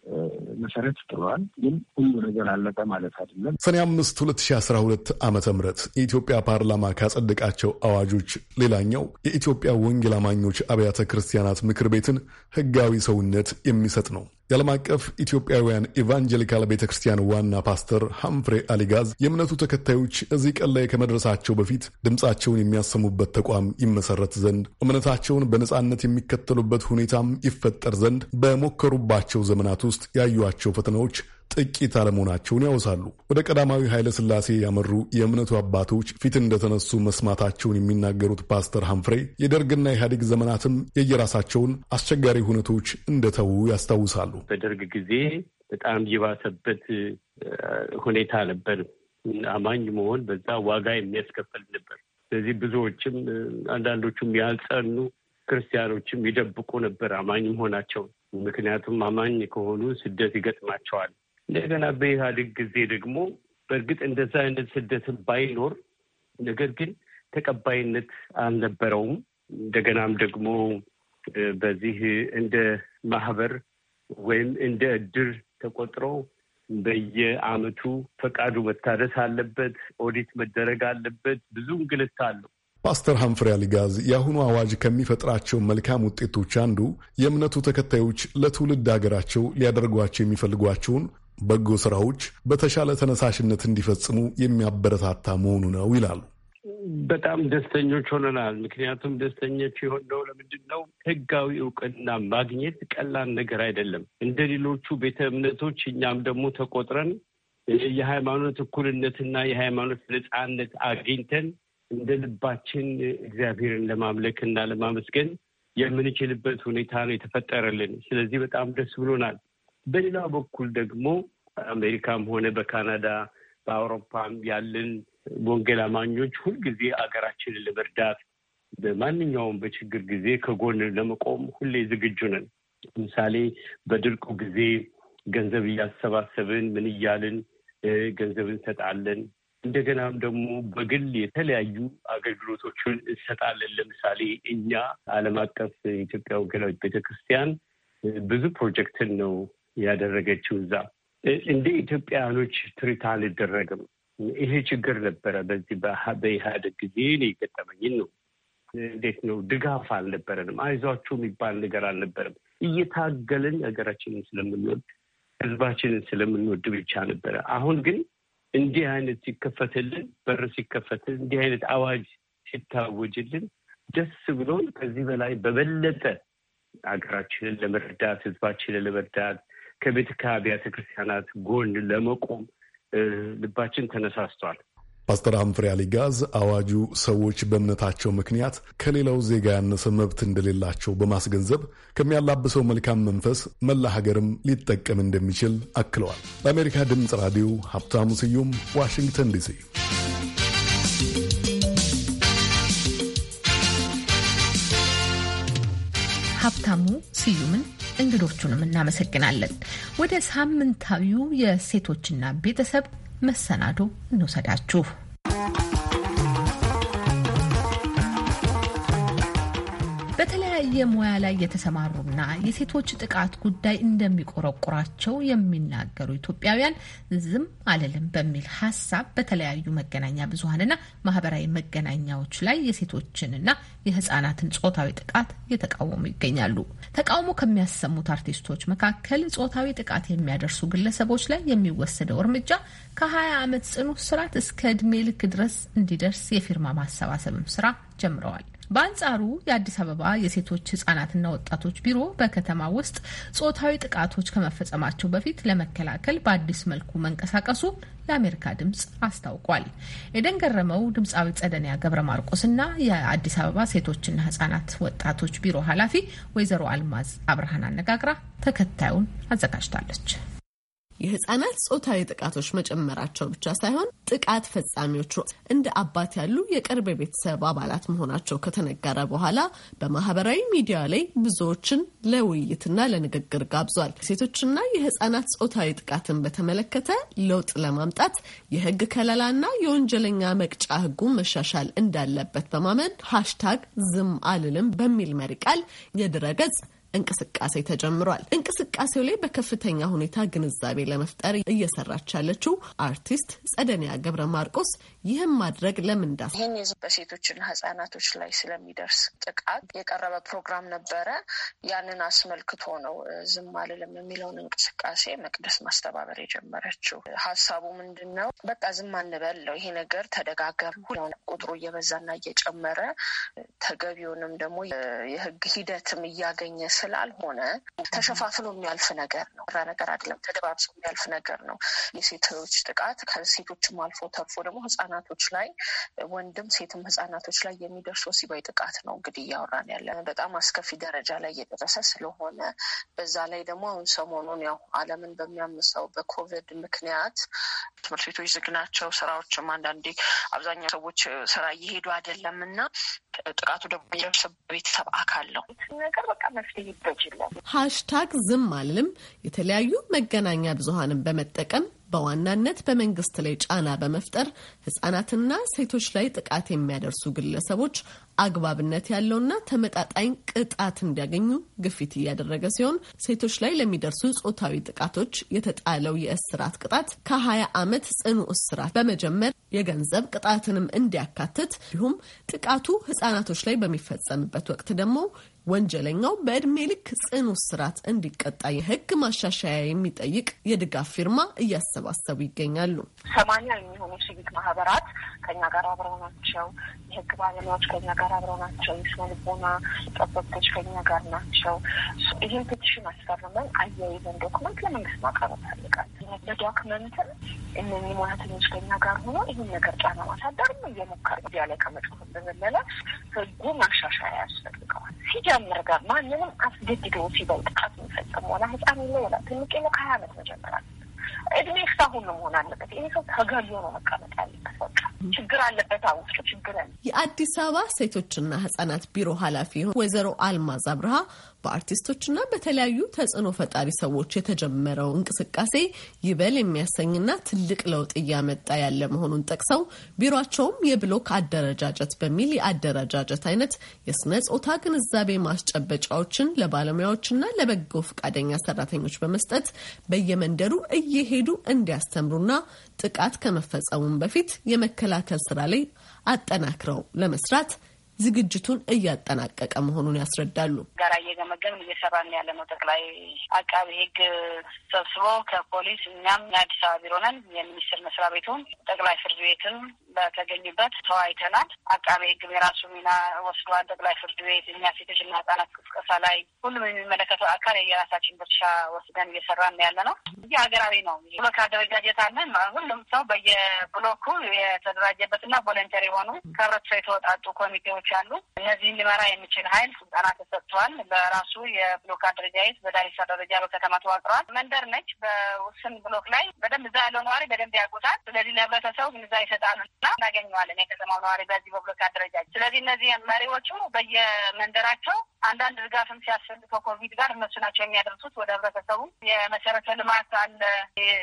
መሰረት ጥለዋል። ግን ሁሉ ነገር አለቀ ማለት አይደለም። ሰኔ አምስት ሁለት ሺ አስራ ሁለት ዓመተ ምህረት የኢትዮጵያ ፓርላማ ካጸደቃቸው አዋጆች ሌላኛው የኢትዮጵያ ወንጌል አማኞች አብያተ ክርስቲያናት ምክር ቤትን ህጋዊ ሰውነት የሚሰጥ ነው። የዓለም አቀፍ ኢትዮጵያውያን ኤቫንጀሊካል ቤተ ክርስቲያን ዋና ፓስተር ሐምፍሬ አሊጋዝ የእምነቱ ተከታዮች እዚህ ቀን ላይ ከመድረሳቸው በፊት ድምፃቸውን የሚያሰሙበት ተቋም ይመሰረት ዘንድ እምነታቸውን በነፃነት የሚከተሉበት ሁኔታም ይፈጠር ዘንድ በሞከሩባቸው ዘመናት ውስጥ ያዩቸው ፈተናዎች ጥቂት አለመሆናቸውን ያወሳሉ። ወደ ቀዳማዊ ኃይለ ስላሴ ያመሩ የእምነቱ አባቶች ፊት እንደተነሱ መስማታቸውን የሚናገሩት ፓስተር ሃምፍሬ የደርግና ኢህአዴግ ዘመናትም የየራሳቸውን አስቸጋሪ ሁነቶች እንደተዉ ያስታውሳሉ። በደርግ ጊዜ በጣም የባሰበት ሁኔታ ነበር። አማኝ መሆን በዛ ዋጋ የሚያስከፍል ነበር። ስለዚህ ብዙዎችም አንዳንዶቹም ያልጸኑ ክርስቲያኖችም ይደብቁ ነበር አማኝ መሆናቸውን። ምክንያቱም አማኝ ከሆኑ ስደት ይገጥማቸዋል። እንደገና በኢህአዴግ ጊዜ ደግሞ በእርግጥ እንደዛ አይነት ስደት ባይኖር ነገር ግን ተቀባይነት አልነበረውም። እንደገናም ደግሞ በዚህ እንደ ማህበር ወይም እንደ እድር ተቆጥሮ በየአመቱ ፈቃዱ መታደስ አለበት፣ ኦዲት መደረግ አለበት። ብዙ እንግልት አለው። ፓስተር ሐንፍሬ አሊጋዝ የአሁኑ አዋጅ ከሚፈጥራቸው መልካም ውጤቶች አንዱ የእምነቱ ተከታዮች ለትውልድ ሀገራቸው ሊያደርጓቸው የሚፈልጓቸውን በጎ ስራዎች በተሻለ ተነሳሽነት እንዲፈጽሙ የሚያበረታታ መሆኑ ነው ይላሉ። በጣም ደስተኞች ሆነናል። ምክንያቱም ደስተኞች የሆነው ለምንድን ነው? ህጋዊ እውቅና ማግኘት ቀላል ነገር አይደለም። እንደ ሌሎቹ ቤተ እምነቶች እኛም ደግሞ ተቆጥረን የሃይማኖት እኩልነትና የሃይማኖት ነፃነት አግኝተን እንደ ልባችን እግዚአብሔርን ለማምለክና ለማመስገን የምንችልበት ሁኔታ ነው የተፈጠረልን። ስለዚህ በጣም ደስ ብሎናል። በሌላ በኩል ደግሞ አሜሪካም ሆነ በካናዳ በአውሮፓም ያለን ወንጌል አማኞች ሁልጊዜ አገራችንን ለመርዳት በማንኛውም በችግር ጊዜ ከጎን ለመቆም ሁሌ ዝግጁ ነን። ለምሳሌ በድርቁ ጊዜ ገንዘብ እያሰባሰብን ምን እያልን ገንዘብ እንሰጣለን። እንደገናም ደግሞ በግል የተለያዩ አገልግሎቶችን እንሰጣለን። ለምሳሌ እኛ ዓለም አቀፍ የኢትዮጵያ ወንጌላዊት ቤተክርስቲያን ብዙ ፕሮጀክትን ነው ያደረገችው እዛ እንደ ኢትዮጵያውያኖች ትሪት አልደረግም። ይሄ ችግር ነበረ። በዚህ በኢህአደግ ጊዜ የገጠመኝን ነው። እንዴት ነው ድጋፍ አልነበረንም። አይዟችሁ የሚባል ነገር አልነበረም። እየታገልን ሀገራችንን ስለምንወድ ህዝባችንን ስለምንወድ ብቻ ነበረ። አሁን ግን እንዲህ አይነት ሲከፈትልን በር ሲከፈትልን እንዲህ አይነት አዋጅ ሲታወጅልን ደስ ብሎን ከዚህ በላይ በበለጠ ሀገራችንን ለመርዳት ህዝባችንን ለመርዳት ከቤተ ከአብያተ ክርስቲያናት ጎን ለመቆም ልባችን ተነሳስቷል። ፓስተር ሀምፍሪ አሊጋዝ አዋጁ ሰዎች በእምነታቸው ምክንያት ከሌላው ዜጋ ያነሰ መብት እንደሌላቸው በማስገንዘብ ከሚያላብሰው መልካም መንፈስ መላ ሀገርም ሊጠቀም እንደሚችል አክለዋል። ለአሜሪካ ድምፅ ራዲዮ ሀብታሙ ስዩም ዋሽንግተን ዲሲ። ሀብታሙ ስዩምን እንግዶቹንም እናመሰግናለን። ወደ ሳምንታዊው የሴቶችና ቤተሰብ መሰናዶ እንውሰዳችሁ። የሙያ ላይ የተሰማሩና የሴቶች ጥቃት ጉዳይ እንደሚቆረቁራቸው የሚናገሩ ኢትዮጵያውያን ዝም አልልም በሚል ሀሳብ በተለያዩ መገናኛ ብዙኃንና ማህበራዊ መገናኛዎች ላይ የሴቶችንና የህጻናትን ጾታዊ ጥቃት እየተቃወሙ ይገኛሉ። ተቃውሞ ከሚያሰሙት አርቲስቶች መካከል ጾታዊ ጥቃት የሚያደርሱ ግለሰቦች ላይ የሚወሰደው እርምጃ ከ20 ዓመት ጽኑ እስራት እስከ እድሜ ልክ ድረስ እንዲደርስ የፊርማ ማሰባሰብም ስራ ጀምረዋል። በአንጻሩ የአዲስ አበባ የሴቶች ህጻናትና ወጣቶች ቢሮ በከተማ ውስጥ ጾታዊ ጥቃቶች ከመፈጸማቸው በፊት ለመከላከል በአዲስ መልኩ መንቀሳቀሱ ለአሜሪካ ድምጽ አስታውቋል። ኤደን ገረመው ድምፃዊ ጸደንያ ገብረ ማርቆስና የአዲስ አበባ ሴቶችና ህጻናት ወጣቶች ቢሮ ኃላፊ ወይዘሮ አልማዝ አብርሃን አነጋግራ ተከታዩን አዘጋጅታለች። የህጻናት ጾታዊ ጥቃቶች መጨመራቸው ብቻ ሳይሆን ጥቃት ፈጻሚዎቹ እንደ አባት ያሉ የቅርብ ቤተሰብ አባላት መሆናቸው ከተነገረ በኋላ በማህበራዊ ሚዲያ ላይ ብዙዎችን ለውይይትና ለንግግር ጋብዟል። ሴቶችና የህጻናት ጾታዊ ጥቃትን በተመለከተ ለውጥ ለማምጣት የህግ ከለላና የወንጀለኛ መቅጫ ህጉ መሻሻል እንዳለበት በማመን ሃሽታግ ዝም አልልም በሚል መሪ ቃል የድረገጽ እንቅስቃሴ ተጀምሯል። እንቅስቃሴው ላይ በከፍተኛ ሁኔታ ግንዛቤ ለመፍጠር እየሰራች ያለችው አርቲስት ጸደኒያ ገብረ ማርቆስ ይህም ማድረግ ለምንዳ ይህን በሴቶችና ህጻናቶች ላይ ስለሚደርስ ጥቃት የቀረበ ፕሮግራም ነበረ። ያንን አስመልክቶ ነው ዝም አልልም የሚለውን እንቅስቃሴ መቅደስ ማስተባበር የጀመረችው። ሀሳቡ ምንድን ነው? በቃ ዝም አንበል ነው። ይሄ ነገር ተደጋገም ቁጥሩ እየበዛና እየጨመረ ተገቢውንም ደግሞ የህግ ሂደትም እያገኘ ስላልሆነ ተሸፋፍኖ የሚያልፍ ነገር ነው። ራ ነገር አይደለም። ተደባብሶ የሚያልፍ ነገር ነው። የሴቶች ጥቃት ከሴቶችም አልፎ ተርፎ ደግሞ ህጻናቶች ላይ ወንድም ሴትም ህጻናቶች ላይ የሚደርስ ወሲባዊ ጥቃት ነው። እንግዲህ እያወራን ያለ በጣም አስከፊ ደረጃ ላይ እየደረሰ ስለሆነ በዛ ላይ ደግሞ አሁን ሰሞኑን ያው ዓለምን በሚያምሰው በኮቪድ ምክንያት ትምህርት ቤቶች ዝግ ናቸው። ስራዎችም አንዳንዴ አብዛኛው ሰዎች ስራ እየሄዱ አይደለም እና ጥቃቱ ደግሞ የሚደርስ ቤተሰብ አካል ነው ነገር በቃ መፍትሄ ሊለይበት ይላል። ሀሽታግ ዝም አልልም የተለያዩ መገናኛ ብዙሀንን በመጠቀም በዋናነት በመንግስት ላይ ጫና በመፍጠር ህጻናትና ሴቶች ላይ ጥቃት የሚያደርሱ ግለሰቦች አግባብነት ያለውና ተመጣጣኝ ቅጣት እንዲያገኙ ግፊት እያደረገ ሲሆን ሴቶች ላይ ለሚደርሱ ጾታዊ ጥቃቶች የተጣለው የእስራት ቅጣት ከ20 ዓመት ጽኑ እስራት በመጀመር የገንዘብ ቅጣትንም እንዲያካትት እንዲሁም ጥቃቱ ህጻናቶች ላይ በሚፈጸምበት ወቅት ደግሞ ወንጀለኛው በዕድሜ ልክ ጽኑ እስራት እንዲቀጣ የህግ ማሻሻያ የሚጠይቅ የድጋፍ ፊርማ እያሰ እያሰባሰቡ ይገኛሉ። ሰማንያ የሚሆኑ ሲቪክ ማህበራት ከኛ ጋር አብረው ናቸው። የህግ ባለሙያዎች ከኛ ጋር አብረው ናቸው። የስነ ጠበብቶች ከኛ ጋር ናቸው። ይህን ፔቲሽን አስፈርመን አያይዘን ዶክመንት ለመንግስት ማቅረብ ፈልጋል። በዶክመንትም እነኝ ሙያተኞች ከኛ ጋር ሆኖ ይህን ነገር ጫና ማሳደርም እየሞከር እዚያ ላይ ከመጽሁፍ በዘለለ ህጉ ማሻሻያ ያስፈልገዋል። ሲጀምር ጋር ማንንም አስገድዶ ሲበልጥ ጥቃት የሚፈጽም ወላ ህፃን የለ ወላ ትልቅ ነው ከሀያ አመት መጀመራል እድሜ እስካሁን ነው መሆን አለበት። ይሄ ሰው ተገሎ ነው መቀመጥ ያለበት። በቃ ችግር አለበት ውስጡ ችግር ያለ የአዲስ አበባ ሴቶችና ህጻናት ቢሮ ኃላፊ ወይዘሮ አልማዝ አብርሃ በአርቲስቶችና በተለያዩ ተጽዕኖ ፈጣሪ ሰዎች የተጀመረው እንቅስቃሴ ይበል የሚያሰኝና ትልቅ ለውጥ እያመጣ ያለ መሆኑን ጠቅሰው ቢሮቸውም የብሎክ አደረጃጀት በሚል የአደረጃጀት አይነት የስነ ጾታ ግንዛቤ ማስጨበጫዎችን ለባለሙያዎችና ለበጎ ፈቃደኛ ሰራተኞች በመስጠት በየመንደሩ እየሄዱ እንዲያስተምሩና ጥቃት ከመፈጸሙም በፊት የመከላከል ስራ ላይ አጠናክረው ለመስራት ዝግጅቱን እያጠናቀቀ መሆኑን ያስረዳሉ። ጋራ እየገመገምን እየሰራን ያለ ነው። ጠቅላይ አቃቢ ሕግ ሰብስቦ ከፖሊስ እኛም የአዲስ አበባ ቢሮ ነን፣ የሚኒስቴር መስሪያ ቤቱን ጠቅላይ ፍርድ ቤትም በተገኙበት ተወያይተናል። አቃቤ ሕግ የራሱ ሚና ወስዷል። ጠቅላይ ፍርድ ቤት እኛ ሴቶችና ህጻናት ቅስቀሳ ላይ ሁሉም የሚመለከተው አካል የራሳችን ድርሻ ወስደን እየሰራን ያለ ነው። ይህ ሀገራዊ ነው። ብሎክ አደረጃጀት አለን። ሁሉም ሰው በየብሎኩ የተደራጀበትና ቮለንተሪ የሆኑ ከህብረተሰብ የተወጣጡ ኮሚቴዎች አሉ። እነዚህን ሊመራ የሚችል ሀይል ስልጠና ተሰጥቷል። በራሱ የብሎክ አደረጃጀት በዳሪሳ ደረጃ በከተማ ተዋቅረዋል። መንደር ነች። በውስን ብሎክ ላይ በደንብ እዛ ያለው ነዋሪ በደንብ ያውቁታል። ስለዚህ ለህብረተሰቡ ግንዛ ይሰጣሉ። እና እናገኘዋለን የከተማው ነዋሪ በዚህ በብሎክ አደረጃጀት። ስለዚህ እነዚህ መሪዎቹ በየመንደራቸው አንዳንድ ድጋፍም ሲያስፈልግ ከኮቪድ ጋር እነሱ ናቸው የሚያደርሱት ወደ ህብረተሰቡ። የመሰረተ ልማት አለ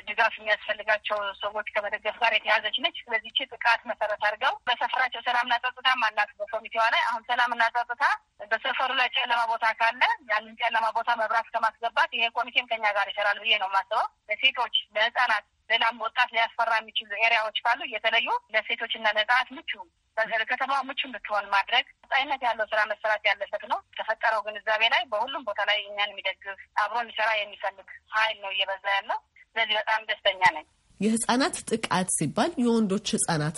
ድጋፍ የሚያስፈልጋቸው ሰዎች ከመደገፍ ጋር የተያዘች ነች። ስለዚህ ጥቃት መሰረት አድርገው በሰፈራቸው ሰላምና ጸጥታ አላት በኮሚቴዋ ላይ አሁን ሰላምና ጸጥታ በሰፈሩ ላይ ጨለማ ቦታ ካለ ያንን ጨለማ ቦታ መብራት ከማስገባት ይሄ ኮሚቴም ከኛ ጋር ይሰራል ብዬ ነው የማስበው። ለሴቶች ለህጻናት ሌላም ወጣት ሊያስፈራ የሚችሉ ኤሪያዎች ካሉ እየተለዩ ለሴቶችና ለህጻናት ምቹ ከተማ ምቹ እንድትሆን ማድረግ ጣይነት ያለው ስራ መሰራት ያለበት ነው። ተፈጠረው ግንዛቤ ላይ በሁሉም ቦታ ላይ እኛን የሚደግፍ አብሮ እንዲሰራ የሚፈልግ ሀይል ነው እየበዛ ያለው። ስለዚህ በጣም ደስተኛ ነኝ። የህጻናት ጥቃት ሲባል የወንዶች ህጻናት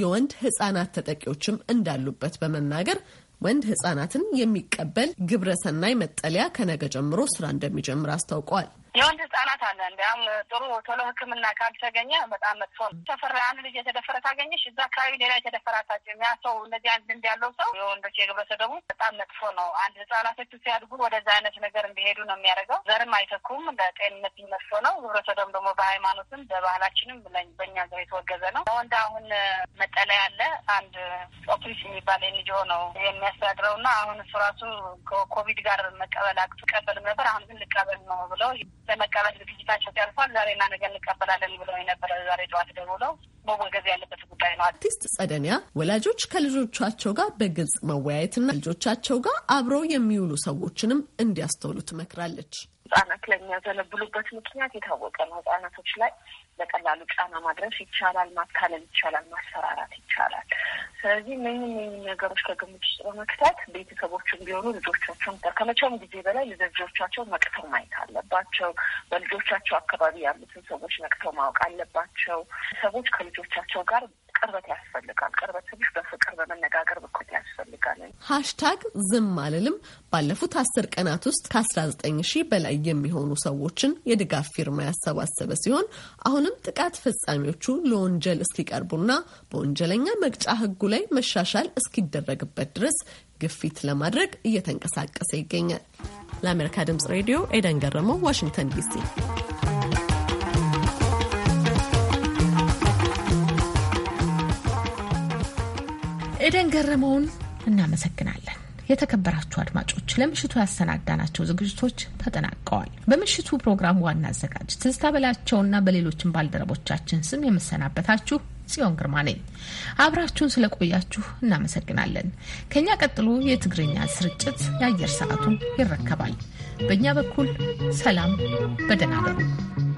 የወንድ ህጻናት ተጠቂዎችም እንዳሉበት በመናገር ወንድ ህጻናትን የሚቀበል ግብረሰናይ መጠለያ ከነገ ጀምሮ ስራ እንደሚጀምር አስታውቀዋል። የወንድ ህጻናት አለ እንዲያም ጥሩ ቶሎ ህክምና ካልተገኘ በጣም መጥፎ ነው። ተፈራ አንድ ልጅ የተደፈረ ካገኘሽ እዛ አካባቢ ሌላ የተደፈራታቸው ያ ሰው እንደዚህ አንድ ልምድ ያለው ሰው የወንዶች የግብረሰደቡ በጣም መጥፎ ነው። አንድ ህጻናቶቹ ሲያድጉ ወደዛ አይነት ነገር እንዲሄዱ ነው የሚያደርገው። ዘርም አይተኩም፣ ለጤንነት መጥፎ ነው። ግብረሰደቡ ደግሞ በሃይማኖትም በባህላችንም በእኛ ዘር የተወገዘ ነው። ወንድ አሁን መጠለያ አለ። አንድ ኦፕሪስ የሚባል ኤንጂኦ ነው የሚያስተዳድረው እና አሁን እሱ ራሱ ከኮቪድ ጋር መቀበል አቅቱ ቀበልም ነበር አሁን ግን ልቀበል ነው ብለው ለመቀበል ዝግጅታቸው ሲያልፏል። ዛሬና ነገ እንቀበላለን ብለው የነበረ ዛሬ ጠዋት ደውለው መወገዝ ያለበት ጉዳይ ነው። አርቲስት ጸደኒያ ወላጆች ከልጆቻቸው ጋር በግልጽ መወያየትና ልጆቻቸው ጋር አብረው የሚውሉ ሰዎችንም እንዲያስተውሉ ትመክራለች። ህጻናት ለሚያዘነብሉበት ምክንያት የታወቀ ነው። ህጻናቶች ላይ በቀላሉ ጫና ማድረስ ይቻላል፣ ማካለል ይቻላል፣ ማሰራራት ይቻላል። ስለዚህ ምን ምን ነገሮች ከግምት ውስጥ በመክተት ቤተሰቦችም ቢሆኑ ልጆቻቸውን ከመቼውም ጊዜ በላይ ልጆቻቸው መቅተው ማየት አለባቸው። በልጆቻቸው አካባቢ ያሉትን ሰዎች መቅተው ማወቅ አለባቸው። ሰዎች ከልጆቻቸው ጋር ቅርበት ያስፈልጋል። ቅርበት ትንሽ በፍቅር በመነጋገር በኩል ያስፈልጋል። ሀሽታግ ዝም አልልም ባለፉት አስር ቀናት ውስጥ ከአስራ ዘጠኝ ሺህ በላይ የሚሆኑ ሰዎችን የድጋፍ ፊርማ ያሰባሰበ ሲሆን አሁንም ጥቃት ፈጻሚዎቹ ለወንጀል እስኪቀርቡና በወንጀለኛ መቅጫ ሕጉ ላይ መሻሻል እስኪደረግበት ድረስ ግፊት ለማድረግ እየተንቀሳቀሰ ይገኛል። ለአሜሪካ ድምጽ ሬዲዮ ኤደን ገረመው፣ ዋሽንግተን ዲሲ ኤደን ገረመውን እናመሰግናለን። የተከበራችሁ አድማጮች ለምሽቱ ያሰናዳናቸው ዝግጅቶች ተጠናቀዋል። በምሽቱ ፕሮግራም ዋና አዘጋጅ ትዝታ በላቸውና በሌሎችም ባልደረቦቻችን ስም የምሰናበታችሁ ጽዮን ግርማ ነኝ። አብራችሁን ስለቆያችሁ እናመሰግናለን። ከእኛ ቀጥሎ የትግርኛ ስርጭት የአየር ሰዓቱን ይረከባል። በእኛ በኩል ሰላም፣ በደህና እደሩ።